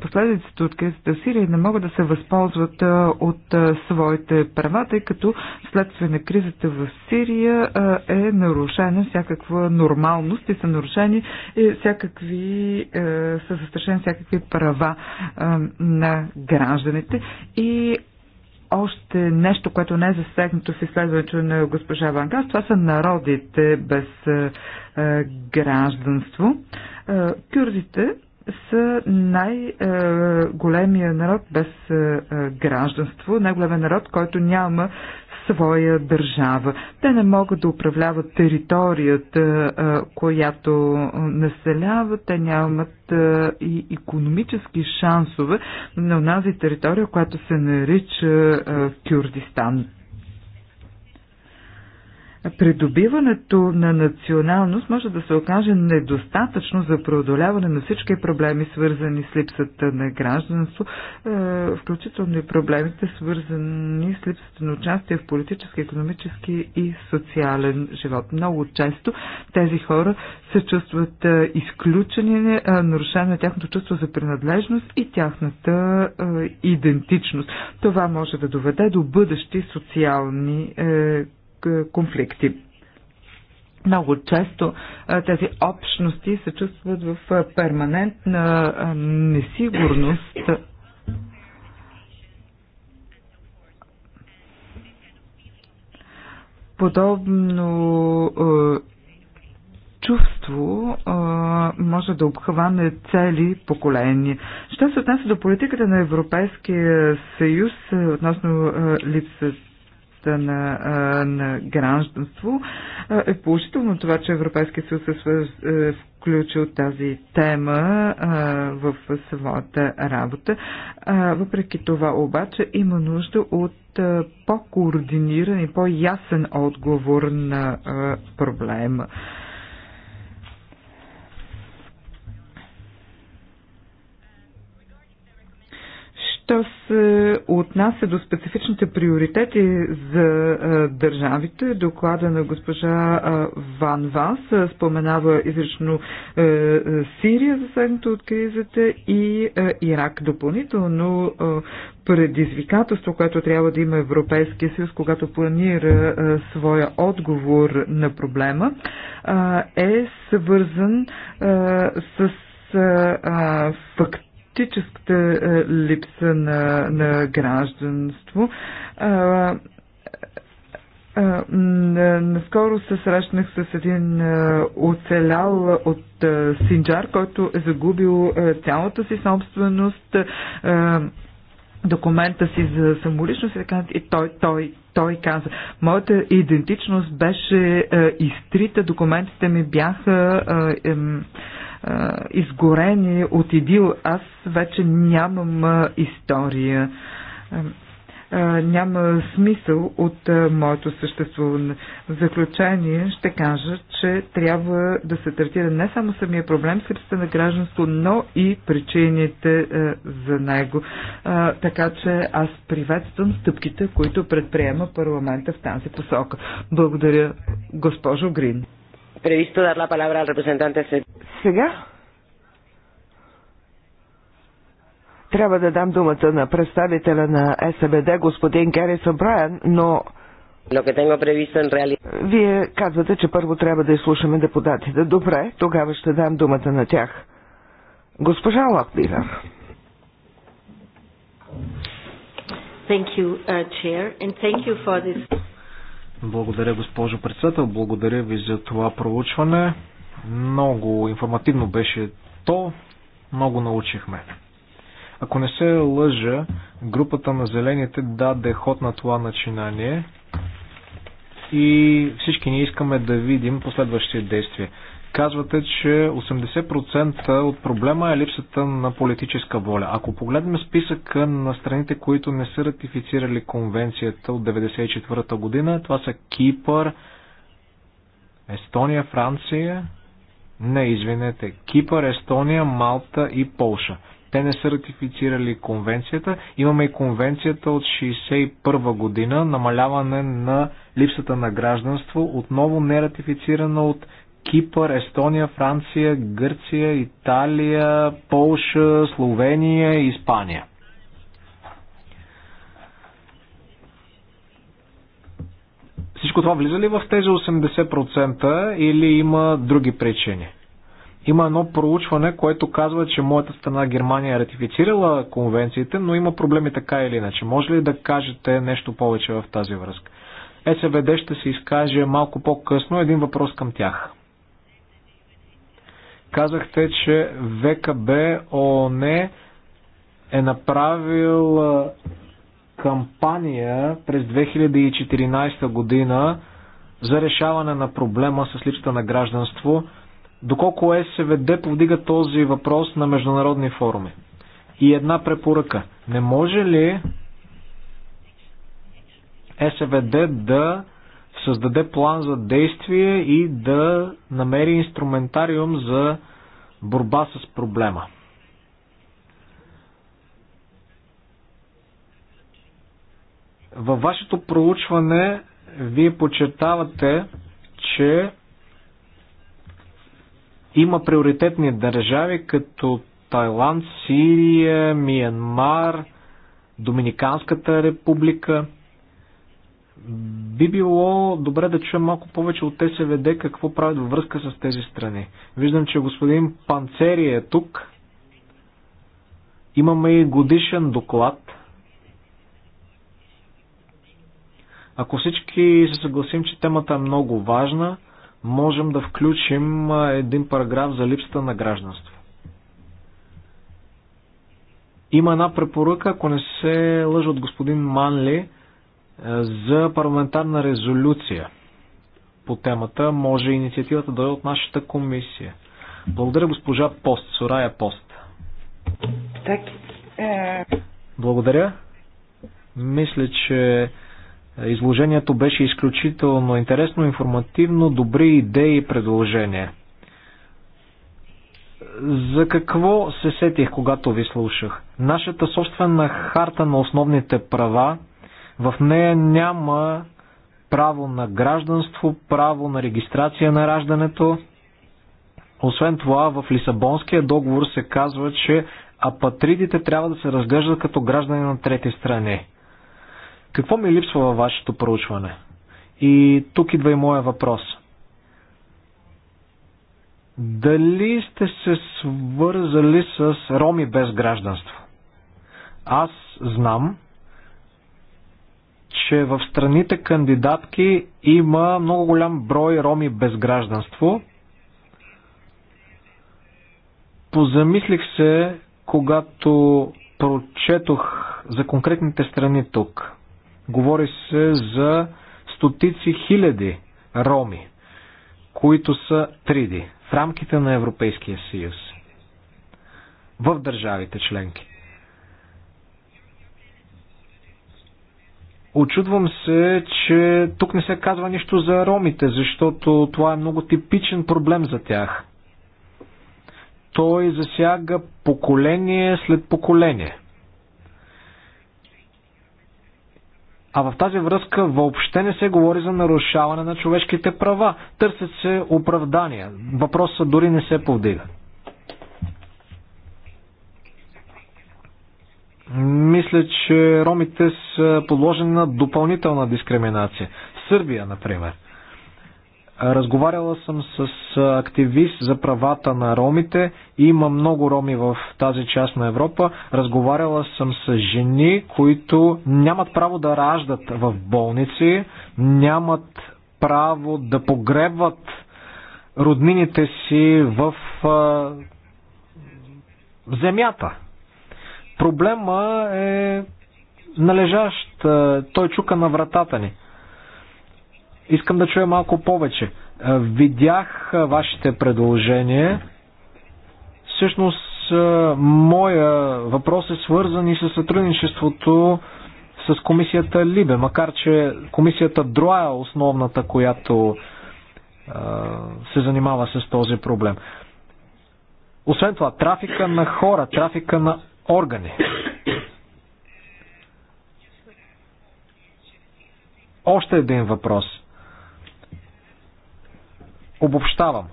последиците от кризата в Сирия и не могат да се възползват от своите права, тъй като следствие на кризата в Сирия е нарушена всякаква нормалност и са нарушени и е, всякакви, е, са застрашени всякакви права на гражданите и още нещо, което не е засегнато в изследването на госпожа Вангас, това са народите без е, е, гражданство. Е, кюрдите са най-големия народ без гражданство, най-големия народ, който няма своя държава. Те не могат да управляват територията, която населяват. Те нямат и економически шансове на онази територия, която се нарича Кюрдистан. Придобиването на националност може да се окаже недостатъчно за преодоляване на всички проблеми, свързани с липсата на гражданство, е, включително и проблемите, свързани с липсата на участие в политически, економически и социален живот. Много често тези хора се чувстват е, изключени, е, нарушаване на тяхното чувство за принадлежност и тяхната идентичност. Това може да доведе до бъдещи социални е, конфликти. Много често е, тези общности се чувстват в е, перманентна несигурност. Подобно чувство може да обхване цели поколения. Що се отнася до политиката на Европейския съюз относно а, липсата сферата на, на гражданство. Е положително това, че Европейския съюз е, е включил тази тема в своята работа. Въпреки това обаче има нужда от по-координиран и по-ясен отговор на проблема. То се отнася до специфичните приоритети за държавите. Доклада на госпожа Ван Вас споменава изрично е, е, Сирия, засегната от кризата, и е, Ирак. Допълнително предизвикателство, което трябва да има Европейския съюз, когато планира своя отговор на проблема, е свързан с факт фактическата е, липса на, на гражданство. Наскоро се срещнах с един е, оцелял от е, Синджар, който е загубил цялата си собственост, документа си за самоличност и така и той, той, той каза, моята идентичност беше изтрита, документите ми бяха е, е, изгорени от идил. Аз вече нямам история. Няма смисъл от моето съществуване. В заключение ще кажа, че трябва да се третира не само самия проблем с липсата на гражданство, но и причините за него. Така че аз приветствам стъпките, които предприема парламента в тази посока. Благодаря, госпожо Грин previsto dar la palabra al representante. Сега трябва да дам думата на представителя на СБД, господин Герис Брайан, но Lo que tengo previsto en realidad... Вие казвате, че първо трябва да изслушаме депутатите. Добре, тогава ще дам думата на тях. Госпожа Лакбилер. Thank you, uh, Chair, and thank you for this. Благодаря, госпожо председател. Благодаря ви за това проучване. Много информативно беше то. Много научихме. Ако не се лъжа, групата на зелените даде ход на това начинание и всички ние искаме да видим последващите действия казвате, че 80% от проблема е липсата на политическа воля. Ако погледнем списъка на страните, които не са ратифицирали конвенцията от 1994 година, това са Кипър, Естония, Франция, не, извинете, Кипър, Естония, Малта и Полша. Те не са ратифицирали конвенцията. Имаме и конвенцията от 1961 година, намаляване на липсата на гражданство, отново не ратифицирана от Кипър, Естония, Франция, Гърция, Италия, Полша, Словения и Испания. Всичко това влиза ли в тези 80% или има други причини? Има едно проучване, което казва, че моята страна Германия е ратифицирала конвенциите, но има проблеми така или иначе. Може ли да кажете нещо повече в тази връзка? ЕСВД ще се изкаже малко по-късно. Един въпрос към тях. Казахте, че ВКБ ООН е направил кампания през 2014 година за решаване на проблема с липсата на гражданство. Доколко СВД повдига този въпрос на международни форуми? И една препоръка. Не може ли СВД да създаде план за действие и да намери инструментариум за борба с проблема. Във вашето проучване вие подчертавате, че има приоритетни държави като Тайланд, Сирия, Миянмар, Доминиканската република – би било добре да чуем малко повече от СВД какво правят във връзка с тези страни. Виждам, че господин Панцери е тук. Имаме и годишен доклад. Ако всички се съгласим, че темата е много важна, можем да включим един параграф за липсата на гражданство. Има една препоръка, ако не се лъжа от господин Манли, за парламентарна резолюция по темата. Може инициативата да е от нашата комисия. Благодаря госпожа Пост, Сорая Пост. Так, е... Благодаря. Мисля, че изложението беше изключително интересно, информативно, добри идеи и предложения. За какво се сетих, когато ви слушах? Нашата собствена харта на основните права в нея няма право на гражданство, право на регистрация на раждането. Освен това, в Лисабонския договор се казва, че апатридите трябва да се разглеждат като граждани на трети страни. Какво ми липсва във вашето проучване? И тук идва и моя въпрос. Дали сте се свързали с роми без гражданство? Аз знам, че в страните кандидатки има много голям брой роми без гражданство. Позамислих се, когато прочетох за конкретните страни тук. Говори се за стотици хиляди роми, които са триди в рамките на Европейския съюз в държавите членки. Очудвам се, че тук не се казва нищо за ромите, защото това е много типичен проблем за тях. Той засяга поколение след поколение. А в тази връзка въобще не се говори за нарушаване на човешките права. Търсят се оправдания. Въпросът дори не се повдига. Мисля, че ромите са подложени на допълнителна дискриминация. В Сърбия, например. Разговаряла съм с активист за правата на ромите. Има много роми в тази част на Европа. Разговаряла съм с жени, които нямат право да раждат в болници, нямат право да погребват роднините си в земята. Проблема е належащ. Е, той чука на вратата ни. Искам да чуя малко повече. Е, видях е, вашите предложения. Всъщност, моя въпрос е свързан и с сътрудничеството с комисията Либе, макар че комисията Дроя е основната, която се занимава с този проблем. Освен това, трафика на хора, трафика на органи. Още един въпрос. Обобщавам.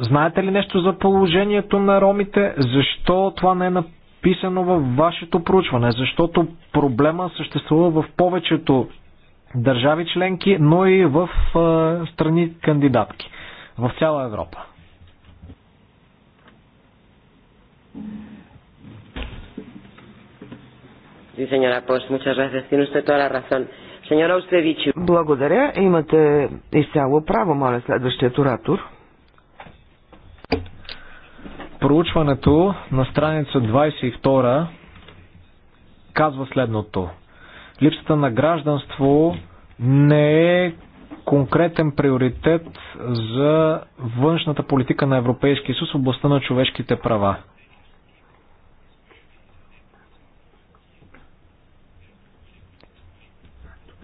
Знаете ли нещо за положението на ромите? Защо това не е написано във вашето проучване? Защото проблема съществува в повечето държави членки, но и в страни кандидатки в цяла Европа. Sí, señora, pues muchas gracias. Tiene usted toda la razón. Señora Устевичу. Благодаря. Имате изцяло право, моля, следващия оратор. Проучването на страница 22 казва следното. Липсата на гражданство не е конкретен приоритет за външната политика на Европейския съюз в областта на човешките права.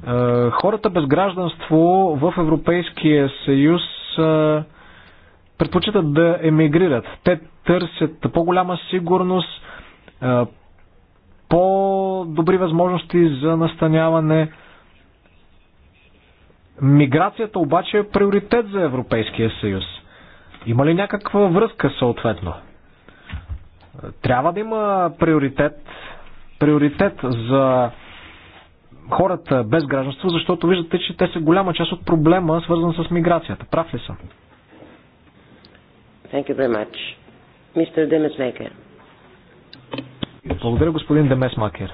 Е, хората без гражданство в Европейския съюз е, предпочитат да емигрират. Те търсят по-голяма сигурност, е, по-добри възможности за настаняване. Миграцията обаче е приоритет за Европейския съюз. Има ли някаква връзка съответно? Трябва да има приоритет, приоритет за хората без гражданство, защото виждате, че те са голяма част от проблема, свързан с миграцията. Прав ли съм? Thank you very much. Mr. Demesmaker. Благодаря, господин Демесмакер.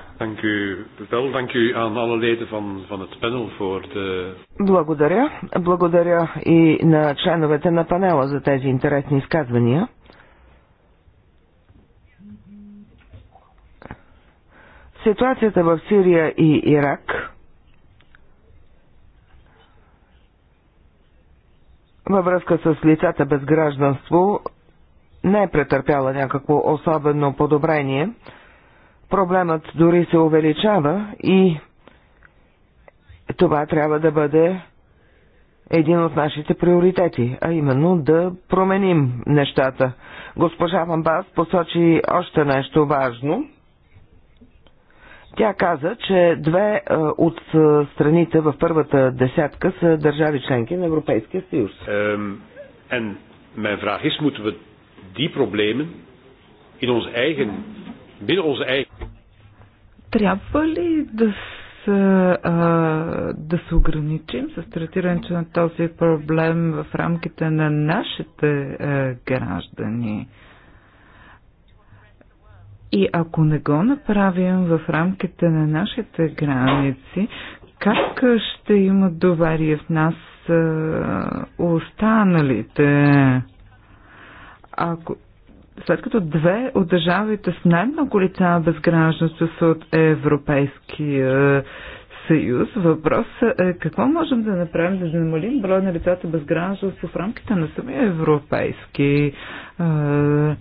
Благодаря. Благодаря и на членовете на панела за тези интересни изказвания. Ситуацията в Сирия и Ирак във връзка с лицата без гражданство не е претърпяла някакво особено подобрение. Проблемът дори се увеличава и това трябва да бъде един от нашите приоритети, а именно да променим нещата. Госпожа Вамбас посочи още нещо важно – тя каза, че две е, от е, страните в първата десятка са държави членки на Европейския съюз. En mijn vraag is, moeten we die problemen in eigen, binnen eigen... Трябва ли да се, е, да се ограничим с третирането на този проблем в рамките на нашите граждани? И ако не го направим в рамките на нашите граници, как ще имат доверие в нас останалите? Ако, след като две от държавите с най-много лица без гражданство са от Европейския съюз, въпросът е какво можем да направим да намалим броя на лицата без гражданство в рамките на самия Европейски а,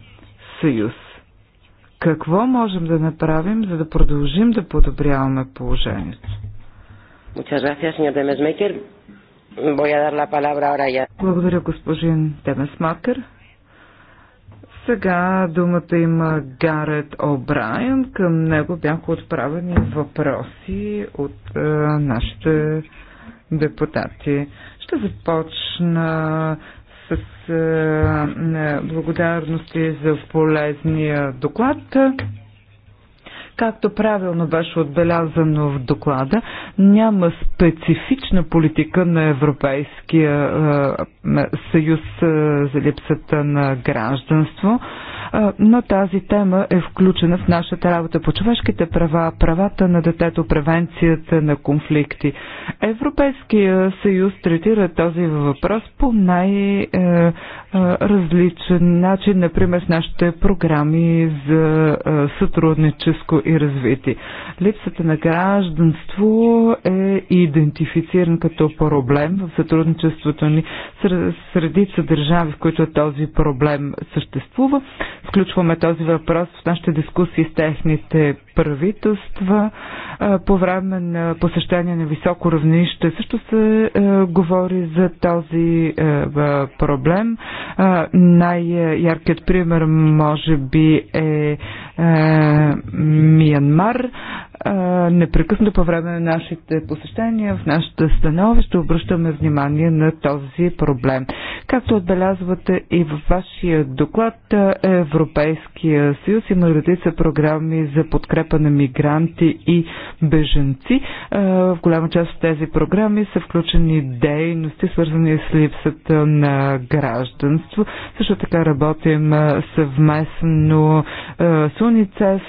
съюз? Какво можем да направим, за да продължим да подобряваме положението? Благодаря, господин Демесмакър. Сега думата има Гарет О'Брайен. Към него бяха отправени въпроси от е, нашите депутати. Ще започна е, благодарности за полезния доклад. Както правилно беше отбелязано в доклада, няма специфична политика на Европейския е, съюз е, за липсата на гражданство но тази тема е включена в нашата работа по човешките права, правата на детето, превенцията на конфликти. Европейския съюз третира този въпрос по най-различен начин, например с нашите програми за сътрудническо и развитие. Липсата на гражданство е идентифициран като проблем в сътрудничеството ни с редица държави, в които този проблем съществува включваме този въпрос в нашите дискусии с техните правителства. По време на посещение на високо равнище също се говори за този проблем. Най-яркият пример може би е Миянмар непрекъснато по време на нашите посещения, в нашата становище обръщаме внимание на този проблем. Както отбелязвате и във вашия доклад, Европейския съюз има редица програми за подкрепа на мигранти и беженци. В голяма част от тези програми са включени дейности, свързани с липсата на гражданство. Също така работим съвместно с УНИЦЕФ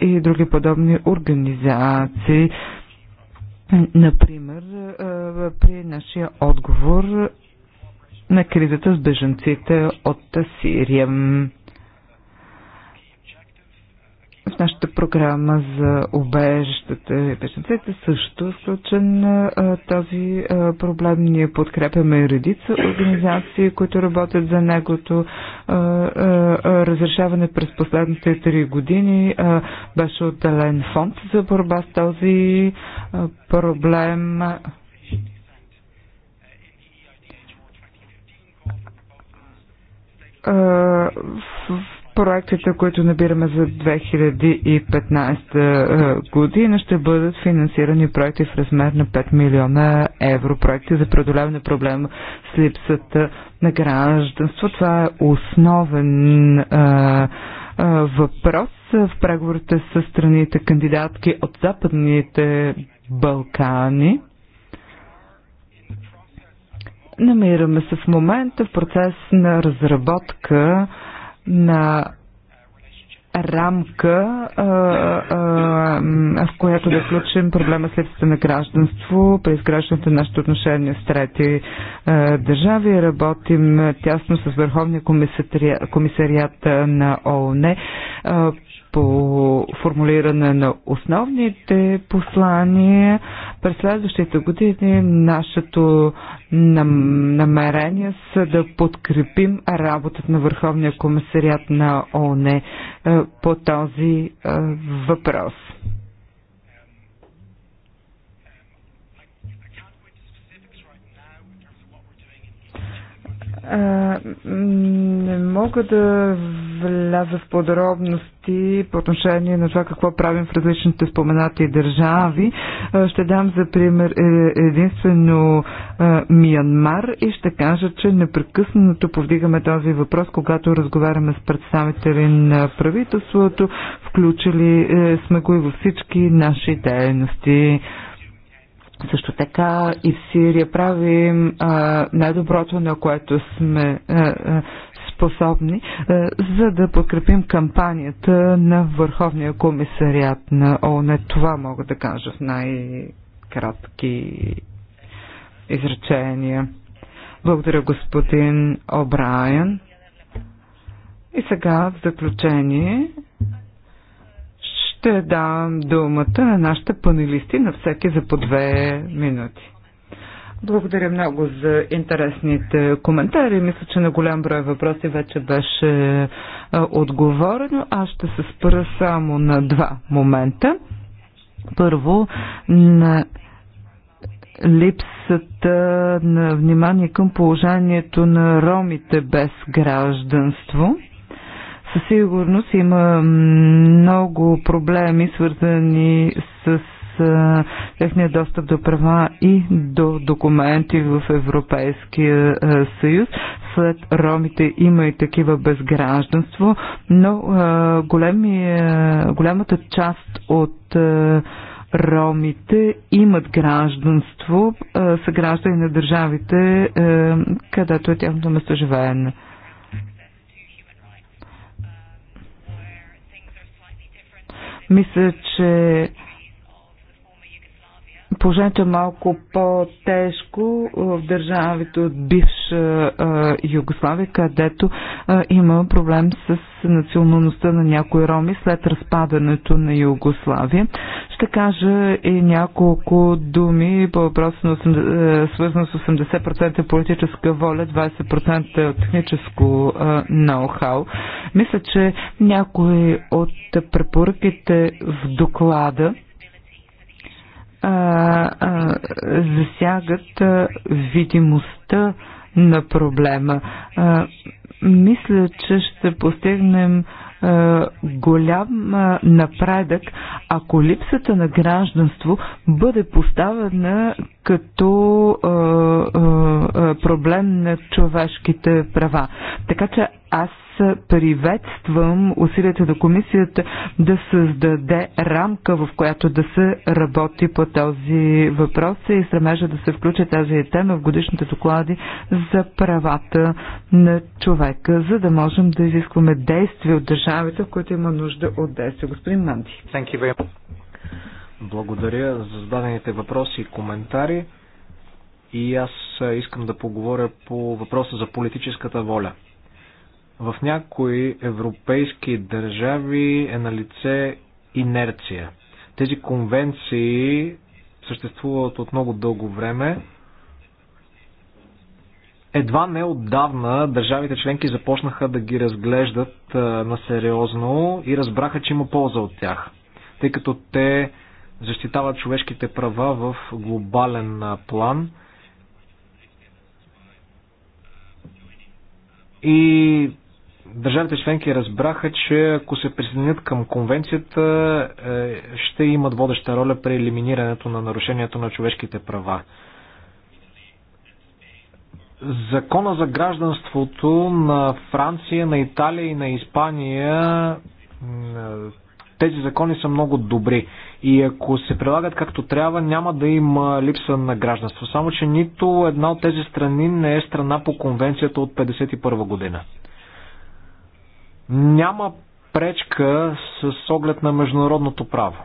и други подобни организации организации. Например, при нашия отговор на кризата с бежанците от Сирия. В нашата програма за обежищата и също е включен този проблем. Ние подкрепяме редица организации, които работят за негото разрешаване през последните три години. Беше отделен фонд за борба с този проблем. В проектите, които набираме за 2015 година, ще бъдат финансирани проекти в размер на 5 милиона евро. Проекти за преодоляване проблема с липсата на гражданство. Това е основен а, а, въпрос в преговорите с страните кандидатки от Западните Балкани. Намираме се в момента в процес на разработка на рамка, в която да включим проблема следствие на гражданство, при изграждането на нашите отношения с трети държави. Работим тясно с Върховния комисариат на ООН по формулиране на основните послания. През следващите години нашето нам намерение са да подкрепим работата на Върховния комисариат на ОНЕ по този е, въпрос. не мога да вляза в подробности по отношение на това какво правим в различните споменати държави. Ще дам за пример е, единствено Миянмар и ще кажа, че непрекъснато повдигаме този въпрос, когато разговаряме с представители на правителството. Включили е, сме го и във всички наши дейности. Също така и в Сирия правим най-доброто, на което сме а, способни, а, за да подкрепим кампанията на Върховния комисариат на ООН. Това мога да кажа в най-кратки изречения. Благодаря господин О'Брайен. И сега в заключение ще дам думата на нашите панелисти, на всеки за по две минути. Благодаря много за интересните коментари. Мисля, че на голям брой въпроси вече беше отговорено. Аз ще се спра само на два момента. Първо, на липсата на внимание към положението на ромите без гражданство. Със сигурност има много проблеми, свързани с техния достъп до права и до документи в Европейския съюз. След ромите има и такива без гражданство, но големи, голямата част от ромите имат гражданство, са граждани на държавите, където е тяхното местоживеене. Мисля, че положението е малко по-тежко в държавите от бивша Югославия, където има проблем с националността на някои роми след разпадането на Югославия. Ще кажа и няколко думи по въпроса на свързано с 80% политическа воля, 20% от техническо ноу-хау. Мисля, че някои от препоръките в доклада а, а, засягат а, видимостта на проблема. А, мисля, че ще постигнем а, голям а, напредък, ако липсата на гражданство бъде поставена като а, а, проблем на човешките права. Така че аз приветствам усилията на комисията да създаде рамка, в която да се работи по този въпрос и стремежа да се включи тази тема в годишните доклади за правата на човека, за да можем да изискваме действия от държавите, в които има нужда от действия. Господин Манди. Благодаря за зададените въпроси и коментари. И аз искам да поговоря по въпроса за политическата воля. В някои европейски държави е на лице инерция. Тези конвенции съществуват от много дълго време. Едва не отдавна държавите членки започнаха да ги разглеждат на сериозно и разбраха, че има полза от тях, тъй като те защитават човешките права в глобален план. И държавите членки разбраха, че ако се присъединят към конвенцията, е, ще имат водеща роля при елиминирането на нарушението на човешките права. Закона за гражданството на Франция, на Италия и на Испания, е, тези закони са много добри. И ако се прилагат както трябва, няма да има липса на гражданство. Само, че нито една от тези страни не е страна по конвенцията от 1951 година няма пречка с оглед на международното право.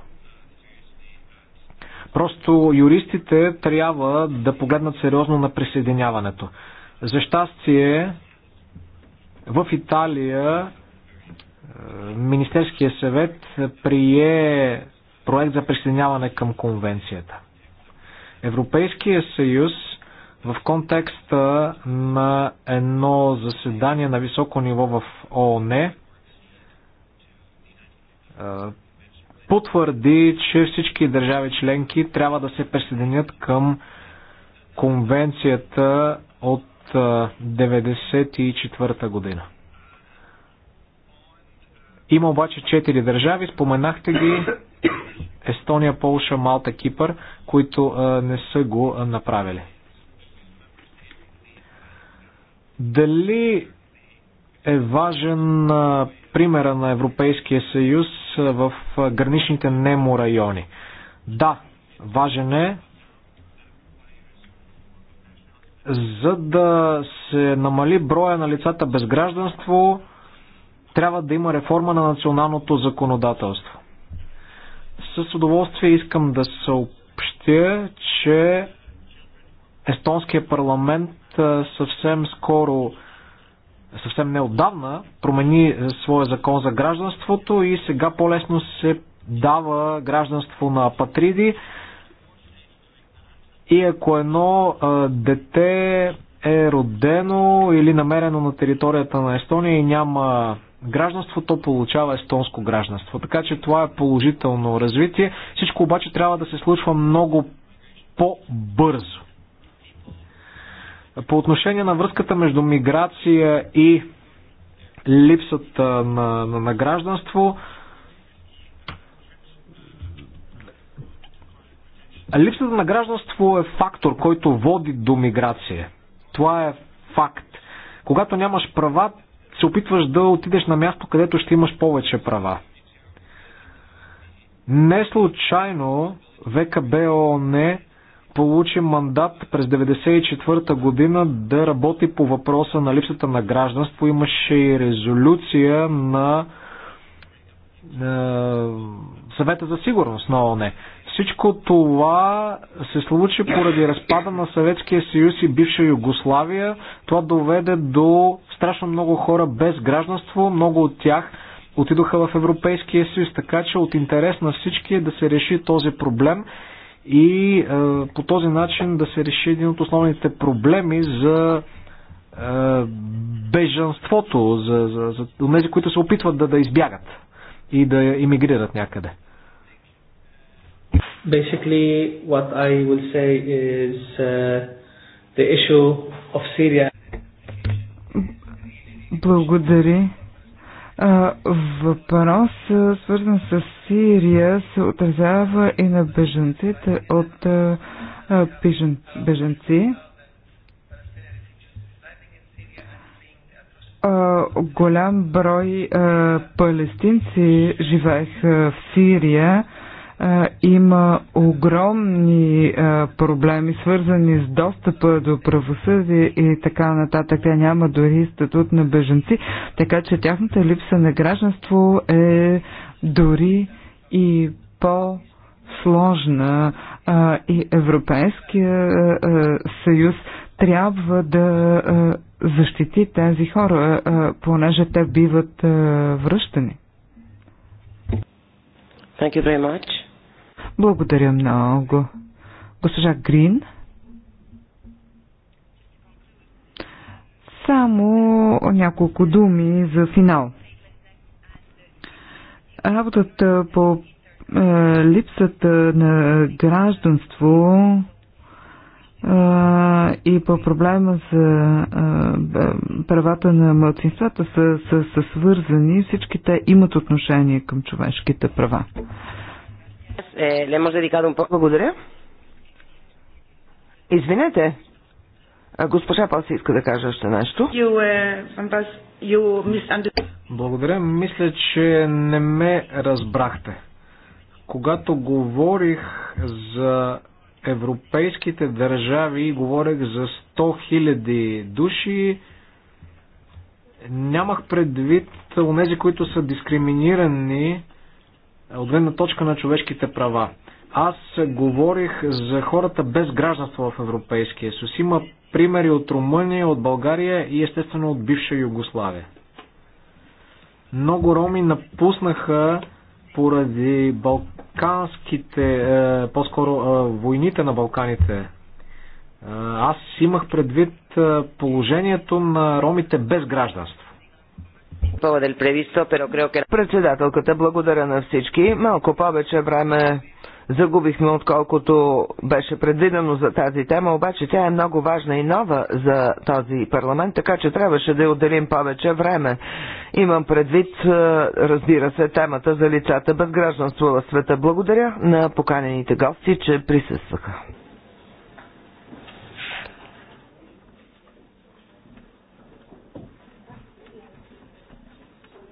Просто юристите трябва да погледнат сериозно на присъединяването. За щастие, в Италия е, Министерския съвет прие проект за присъединяване към конвенцията. Европейския съюз в контекста на едно заседание на високо ниво в ООН е, потвърди, че всички държави членки трябва да се присъединят към конвенцията от 1994 е, година. Има обаче четири държави, споменахте ги, Естония, Полша, Малта, Кипър, които е, не са го направили. Дали е важен примера на Европейския съюз в граничните немо райони? Да, важен е, за да се намали броя на лицата без гражданство, трябва да има реформа на националното законодателство. С удоволствие искам да съобщя, че Естонския парламент съвсем скоро, съвсем неодавна, промени е, своя закон за гражданството и сега по-лесно се дава гражданство на патриди, И ако едно а, дете е родено или намерено на територията на Естония и няма гражданство, то получава естонско гражданство. Така че това е положително развитие. Всичко обаче трябва да се случва много по-бързо. По отношение на връзката между миграция и липсата на, на, на гражданство, липсата на гражданство е фактор, който води до миграция. Това е факт. Когато нямаш права, се опитваш да отидеш на място, където ще имаш повече права. Не случайно ВКБОН получи мандат през 1994 година да работи по въпроса на липсата на гражданство. Имаше и резолюция на е, съвета за сигурност на ОНЕ. Всичко това се случи поради разпада на Съветския съюз и бивша Югославия. Това доведе до страшно много хора без гражданство. Много от тях отидоха в Европейския съюз, така че от интерес на всички е да се реши този проблем и е, по този начин да се реши един от основните проблеми за е, бежанството, за, за, за, за тези, които се опитват да, да избягат и да иммигрират някъде. Basically, what I will say is uh, the issue of Syria. Благодаря. Въпрос, свързан с Сирия, се отразява и на беженците от бежанци. беженци. Голям брой палестинци живееха в Сирия има огромни проблеми, свързани с достъпа до правосъдие и така нататък. Тя няма дори статут на беженци, така че тяхната липса на гражданство е дори и по- сложна а, и Европейския а, съюз трябва да а, защити тези хора, а, понеже те биват а, връщани. Thank you very much. Благодаря много. Госпожа Грин. Само няколко думи за финал. Работата по е, липсата на гражданство е, и по проблема за е, е правата на младсинствата са, са, са свързани. Всички те имат отношение към човешките права. Е, Благодаря. Извинете. Госпожа Палси иска да каже още нещо. Е, Благодаря. Мисля, че не ме разбрахте. Когато говорих за европейските държави, говорех за 100 000 души, нямах предвид нези, които са дискриминирани от гледна точка на човешките права. Аз говорих за хората без гражданство в Европейския съюз. Има примери от Румъния, от България и естествено от бивша Югославия. Много роми напуснаха поради балканските, е, по-скоро е, войните на Балканите. Е, аз имах предвид положението на ромите без гражданство. Председателката благодаря на всички. Малко повече време загубихме, отколкото беше предвидено за тази тема, обаче тя е много важна и нова за този парламент, така че трябваше да й отделим повече време. Имам предвид, е, разбира се, темата за лицата без гражданство в света. Благодаря на поканените гости, че присъстваха.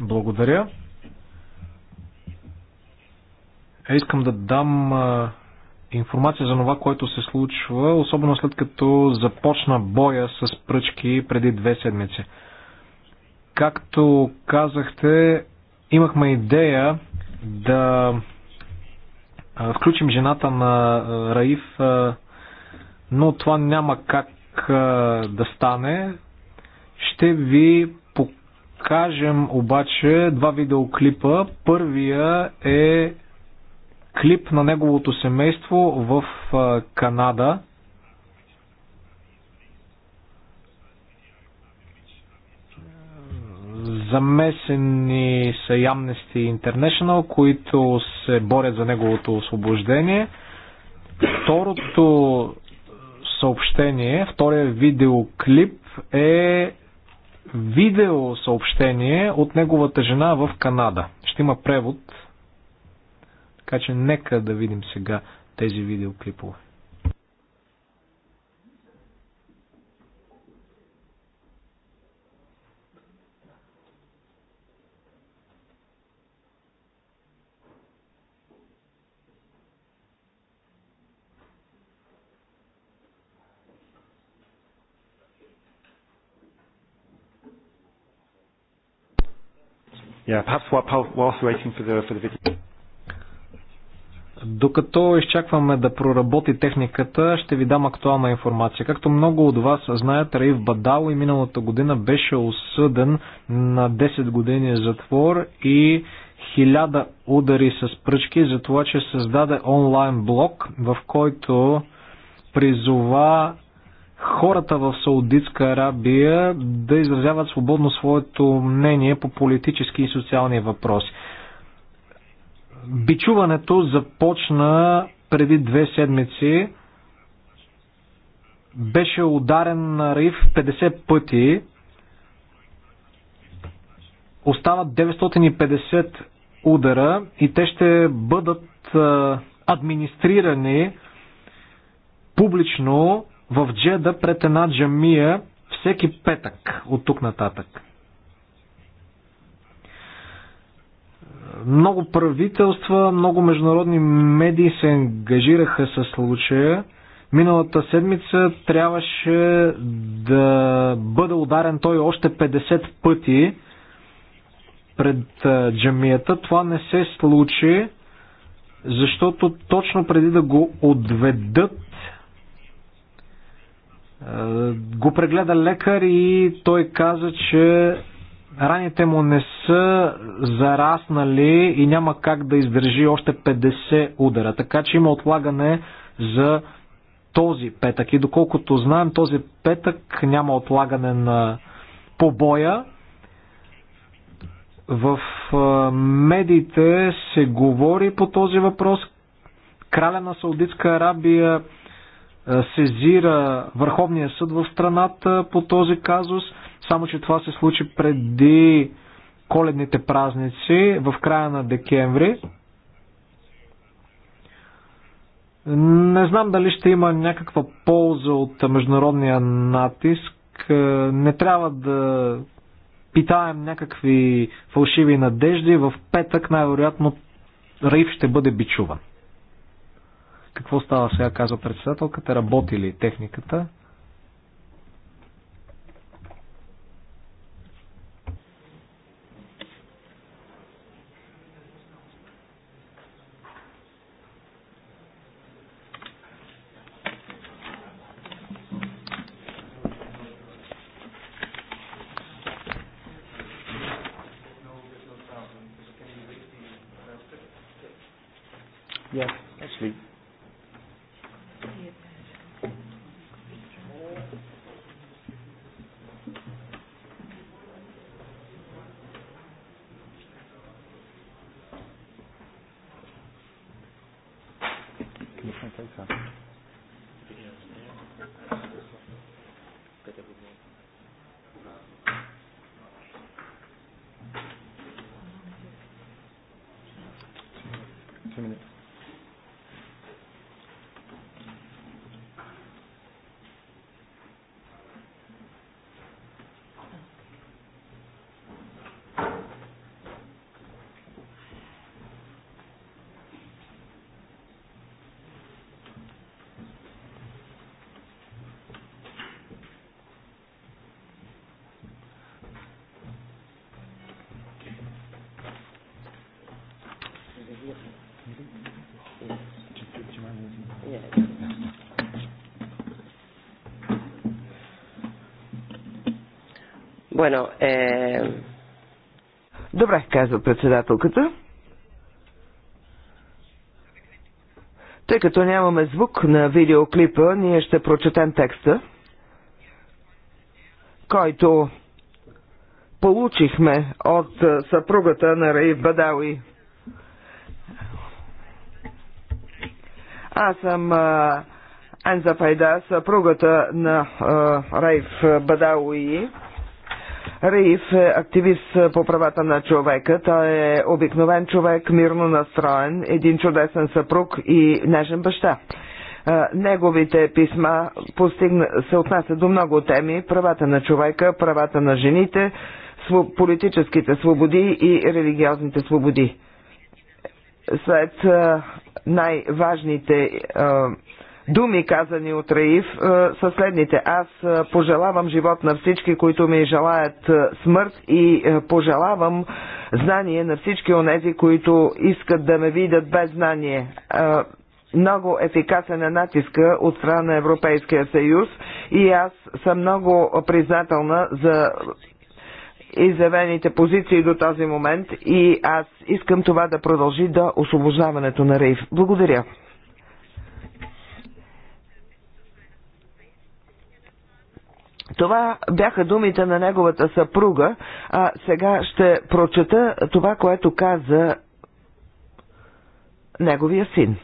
Благодаря. Е, искам да дам информация за това, което се случва, особено след като започна боя с пръчки преди две седмици. Както казахте, имахме идея да включим жената на Раиф, но това няма как да стане. Ще ви кажем обаче два видеоклипа. Първия е клип на неговото семейство в Канада. Замесени са Amnesty International, които се борят за неговото освобождение. Второто съобщение, втория видеоклип е видео съобщение от неговата жена в Канада. Ще има превод, така че нека да видим сега тези видеоклипове. Yeah, perhaps waiting for the, for the video. Докато изчакваме да проработи техниката, ще ви дам актуална информация. Както много от вас знаят, Раив Бадал и миналата година беше осъден на 10 години затвор и 1000 удари с пръчки за това, че създаде онлайн блог, в който призова хората в Саудитска Арабия да изразяват свободно своето мнение по политически и социални въпроси. Бичуването започна преди две седмици. Беше ударен на Риф 50 пъти. Остават 950 удара и те ще бъдат администрирани публично в Джеда пред една джамия всеки петък от тук нататък. Много правителства, много международни медии се ангажираха с случая. Миналата седмица трябваше да бъде ударен той още 50 пъти пред джамията. Това не се случи, защото точно преди да го отведат е, го прегледа лекар и той каза, че раните му не са зараснали и няма как да издържи още 50 удара. Така че има отлагане за този петък. И доколкото знаем, този петък няма отлагане на побоя. В е, медиите се говори по този въпрос. Краля на Саудитска Арабия е, сезира Върховния съд в страната по този казус, само че това се случи преди коледните празници в края на декември. Не знам дали ще има някаква полза от международния натиск. Е, не трябва да питаем някакви фалшиви надежди. В петък най-вероятно Раиф ще бъде бичуван. Какво става сега, казва председателката? Работи ли техниката? Bueno, eh... Добре, казва председателката. Тъй като нямаме звук на видеоклипа, ние ще прочетем текста, който получихме от е, съпругата на Раив Бадауи. Аз съм Анза е, Файда, съпругата на е, Райф Бадауи. Раиф е активист е, по правата на човека. Той е обикновен човек, мирно настроен, един чудесен съпруг и нежен баща. Е, неговите писма постигна, се отнасят до много теми – правата на човека, правата на жените, политическите свободи и религиозните свободи. След е, най-важните думи, казани от Раиф, е, са следните. Аз е, пожелавам живот на всички, които ми желаят е, смърт и пожелавам знание на всички онези, които искат да ме видят без знание много ефикасен е натиска от страна на Европейския съюз и аз съм много признателна за изявените позиции до този момент и аз искам това да продължи до освобождаването на Рейф. Благодаря. Това бяха думите на неговата съпруга, а сега ще прочета това, което каза неговия син.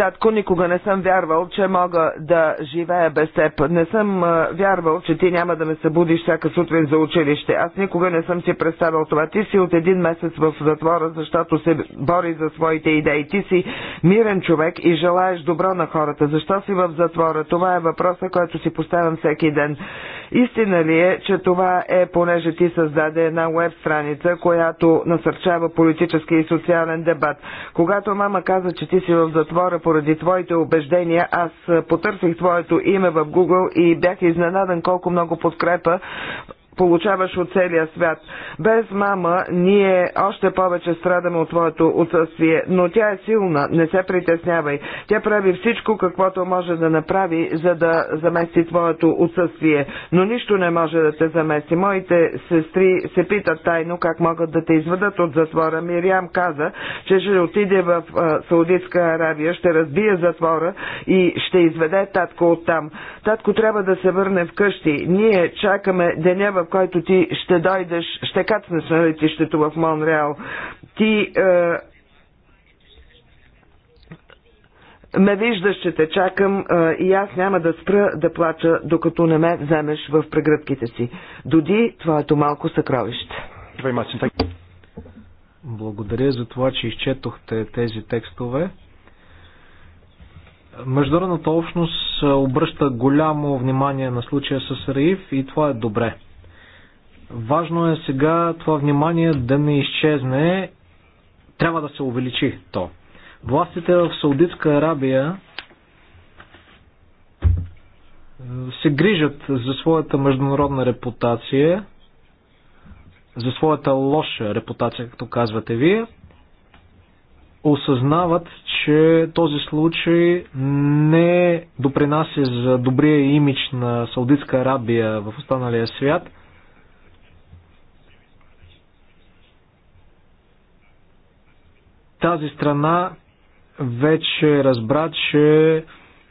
татко, никога не съм вярвал, че мога да живея без теб. Не съм вярвал, че ти няма да ме събудиш всяка сутрин за училище. Аз никога не съм си представил това. Ти си от един месец в затвора, защото се бори за своите идеи. Ти си мирен човек и желаеш добро на хората. Защо си в затвора? Това е въпроса, който си поставям всеки ден. Истина ли е, че това е, понеже ти създаде една веб страница, която насърчава политически и социален дебат? Когато мама каза, че ти си в затвора, поради твоите убеждения. Аз потърсих твоето име в Google и бях изненадан колко много подкрепа получаваш от целия свят. Без мама ние още повече страдаме от твоето отсъствие, но тя е силна, не се притеснявай. Тя прави всичко, каквото може да направи, за да замести твоето отсъствие, но нищо не може да те замести. Моите сестри се питат тайно как могат да те изведат от затвора. Мириам каза, че ще отиде в Саудитска Аравия, ще разбие затвора и ще изведе татко от там. Татко трябва да се върне вкъщи. Ние чакаме деня, в който ти ще дойдеш, ще кацнеш на летището в Монреал. Ти е, ме виждаш, че те чакам е, и аз няма да спра да плача, докато не ме вземеш в прегръдките си. Доди твоето малко съкровище. Благодаря за това, че изчетохте тези текстове. Международната общност обръща голямо внимание на случая с Раиф и това е добре. Важно е сега това внимание да не изчезне. Трябва да се увеличи то. Властите в Саудитска Арабия е, се грижат за своята международна репутация, за своята лоша репутация, както казвате вие, осъзнават, че този случай не допринася за добрия имидж на Саудитска Арабия в останалия свят – Тази страна вече разбра, че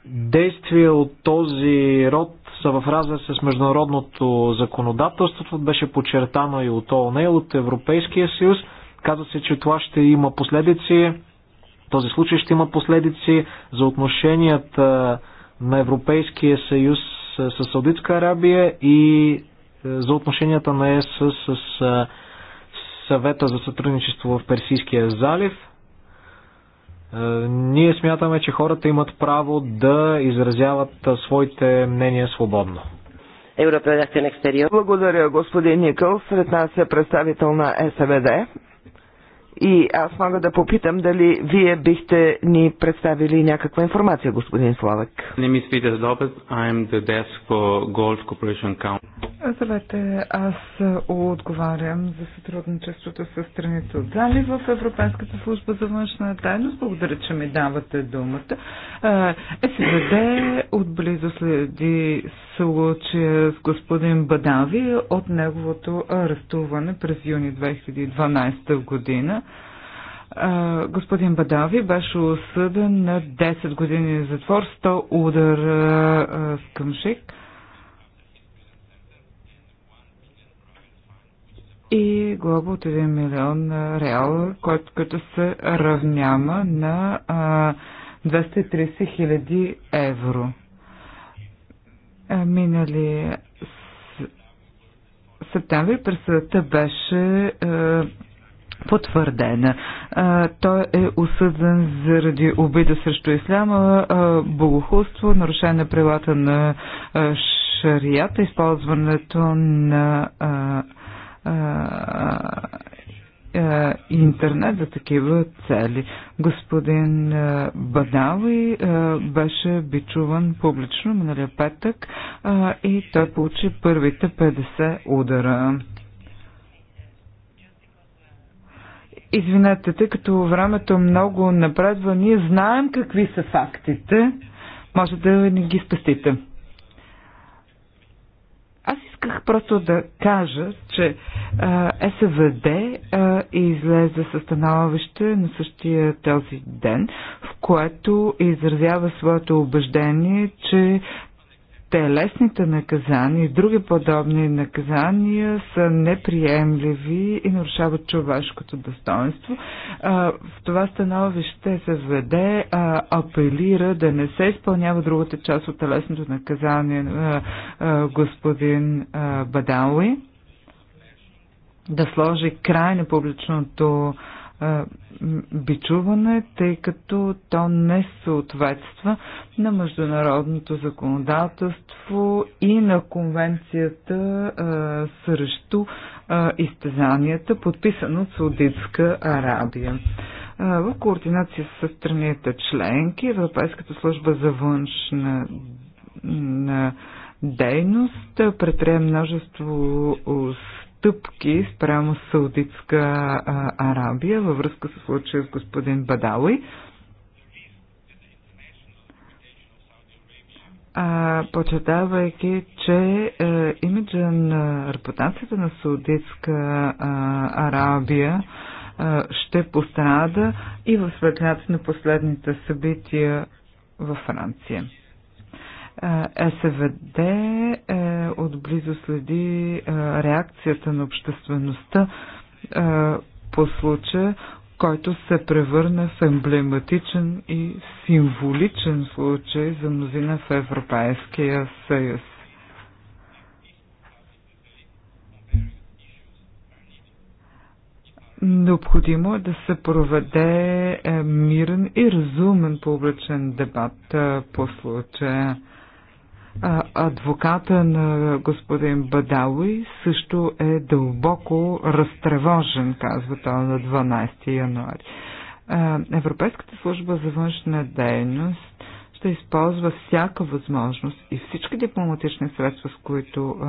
действия от този род са в разрез с международното законодателство. Беше подчертано и от ООН, от Европейския съюз. Каза се, че това ще има последици. Този случай ще има последици за отношенията на Европейския съюз с Саудитска Арабия и е, за отношенията на ЕС с, с е, съвета за сътрудничество в Персийския залив – е, ние смятаме, че хората имат право да изразяват е, своите мнения свободно. екстериор. Благодаря, господин Никъл. Сред нас е представител на СВД. И аз мога да попитам дали вие бихте ни представили някаква информация, господин Славък. Здравейте, аз отговарям за сътрудничеството с страните от Зали в Европейската служба за външна тайност. Благодаря, че ми давате думата. Е, е СВД отблизо следи случая с господин Бадави от неговото арестуване през юни 2012 година. Господин Бадави беше осъден на 10 години затвор, 100 удар с къмшик и глоба от 1 милион реал, който като се равнява на 230 хиляди евро минали септември присъдата беше потвърдена. Той е осъден заради обида срещу исляма, богохулство, нарушение на правилата на шарията, използването на е, интернет за такива цели. Господин е, Бадави е, беше бичуван публично миналия петък и той получи първите 50 удара. Извинете, тъй като времето много напредва, ние знаем какви са фактите. Може да ни ги спестите. Исках просто да кажа, че СВД излезе със становище на същия този ден, в което изразява своето убеждение, че телесните наказания и други подобни наказания са неприемливи и нарушават човешкото достоинство. В това становище се заведе, апелира да не се изпълнява другата част от телесното наказание господин Бадауи да сложи край на публичното бичуване, тъй като то не съответства на международното законодателство и на конвенцията срещу изтезанията, подписана от Саудитска Арабия. В координация с страните членки, Европейската служба за външна на дейност предприе множество стъпки спрямо Саудитска а, Арабия във връзка с случая с господин Бадауи. почетавайки, че е, имиджа на репутацията на Саудитска е, Арабия е, ще пострада и в светлината на последните събития във Франция. СВД е, отблизо следи е, реакцията на обществеността е, по случая, който се превърна в емблематичен и символичен случай за мнозина в Европейския съюз. Необходимо е да се проведе е, мирен и разумен публичен дебат е, по случая адвоката на господин Бадауи също е дълбоко разтревожен, казва той на 12 януари. Европейската служба за външна дейност ще използва всяка възможност и всички дипломатични средства, с които а,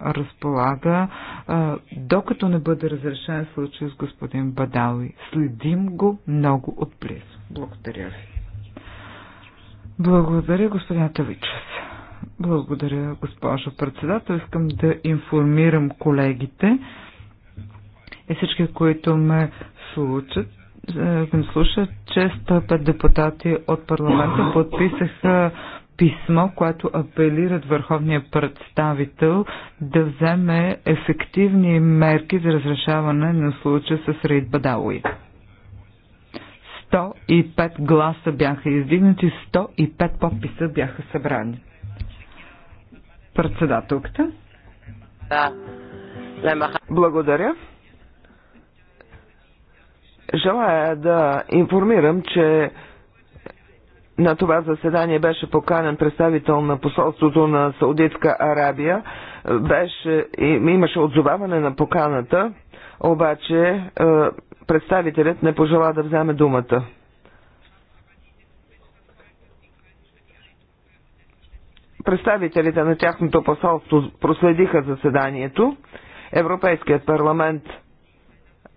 а, разполага, а, докато не бъде разрешен случай с господин Бадалуи. Следим го много отблизо. Благодаря ви. Благодаря, господин Тавичев. Благодаря, госпожо председател. Искам да информирам колегите и всички, които ме случат, е, ме слушат, че 105 депутати от парламента подписаха писмо, което апелират върховния представител да вземе ефективни мерки за разрешаване на случая с Рейд Бадауи. 105 гласа бяха издигнати, 105 подписа бяха събрани. Председателката. Да. Благодаря. Желая да информирам, че на това заседание беше поканен представител на посолството на Саудитска Арабия. Беше, имаше отзоваване на поканата, обаче е, представителят не пожела да вземе думата. Представителите на тяхното посолство проследиха заседанието. Европейският парламент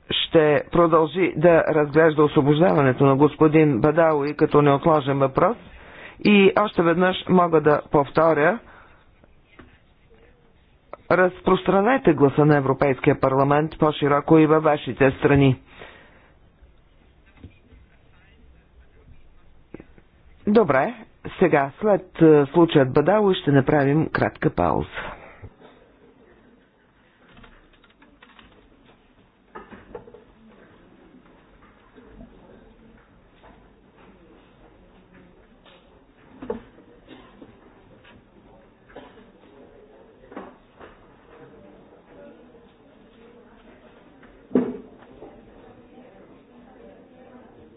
ще продължи да разглежда освобождаването на господин Бадауи като неотложен въпрос. И още веднъж мога да повторя, разпространете гласа на Европейския парламент по-широко и във вашите страни. Добре, сега, след е, случаят Бадало, ще направим кратка пауза.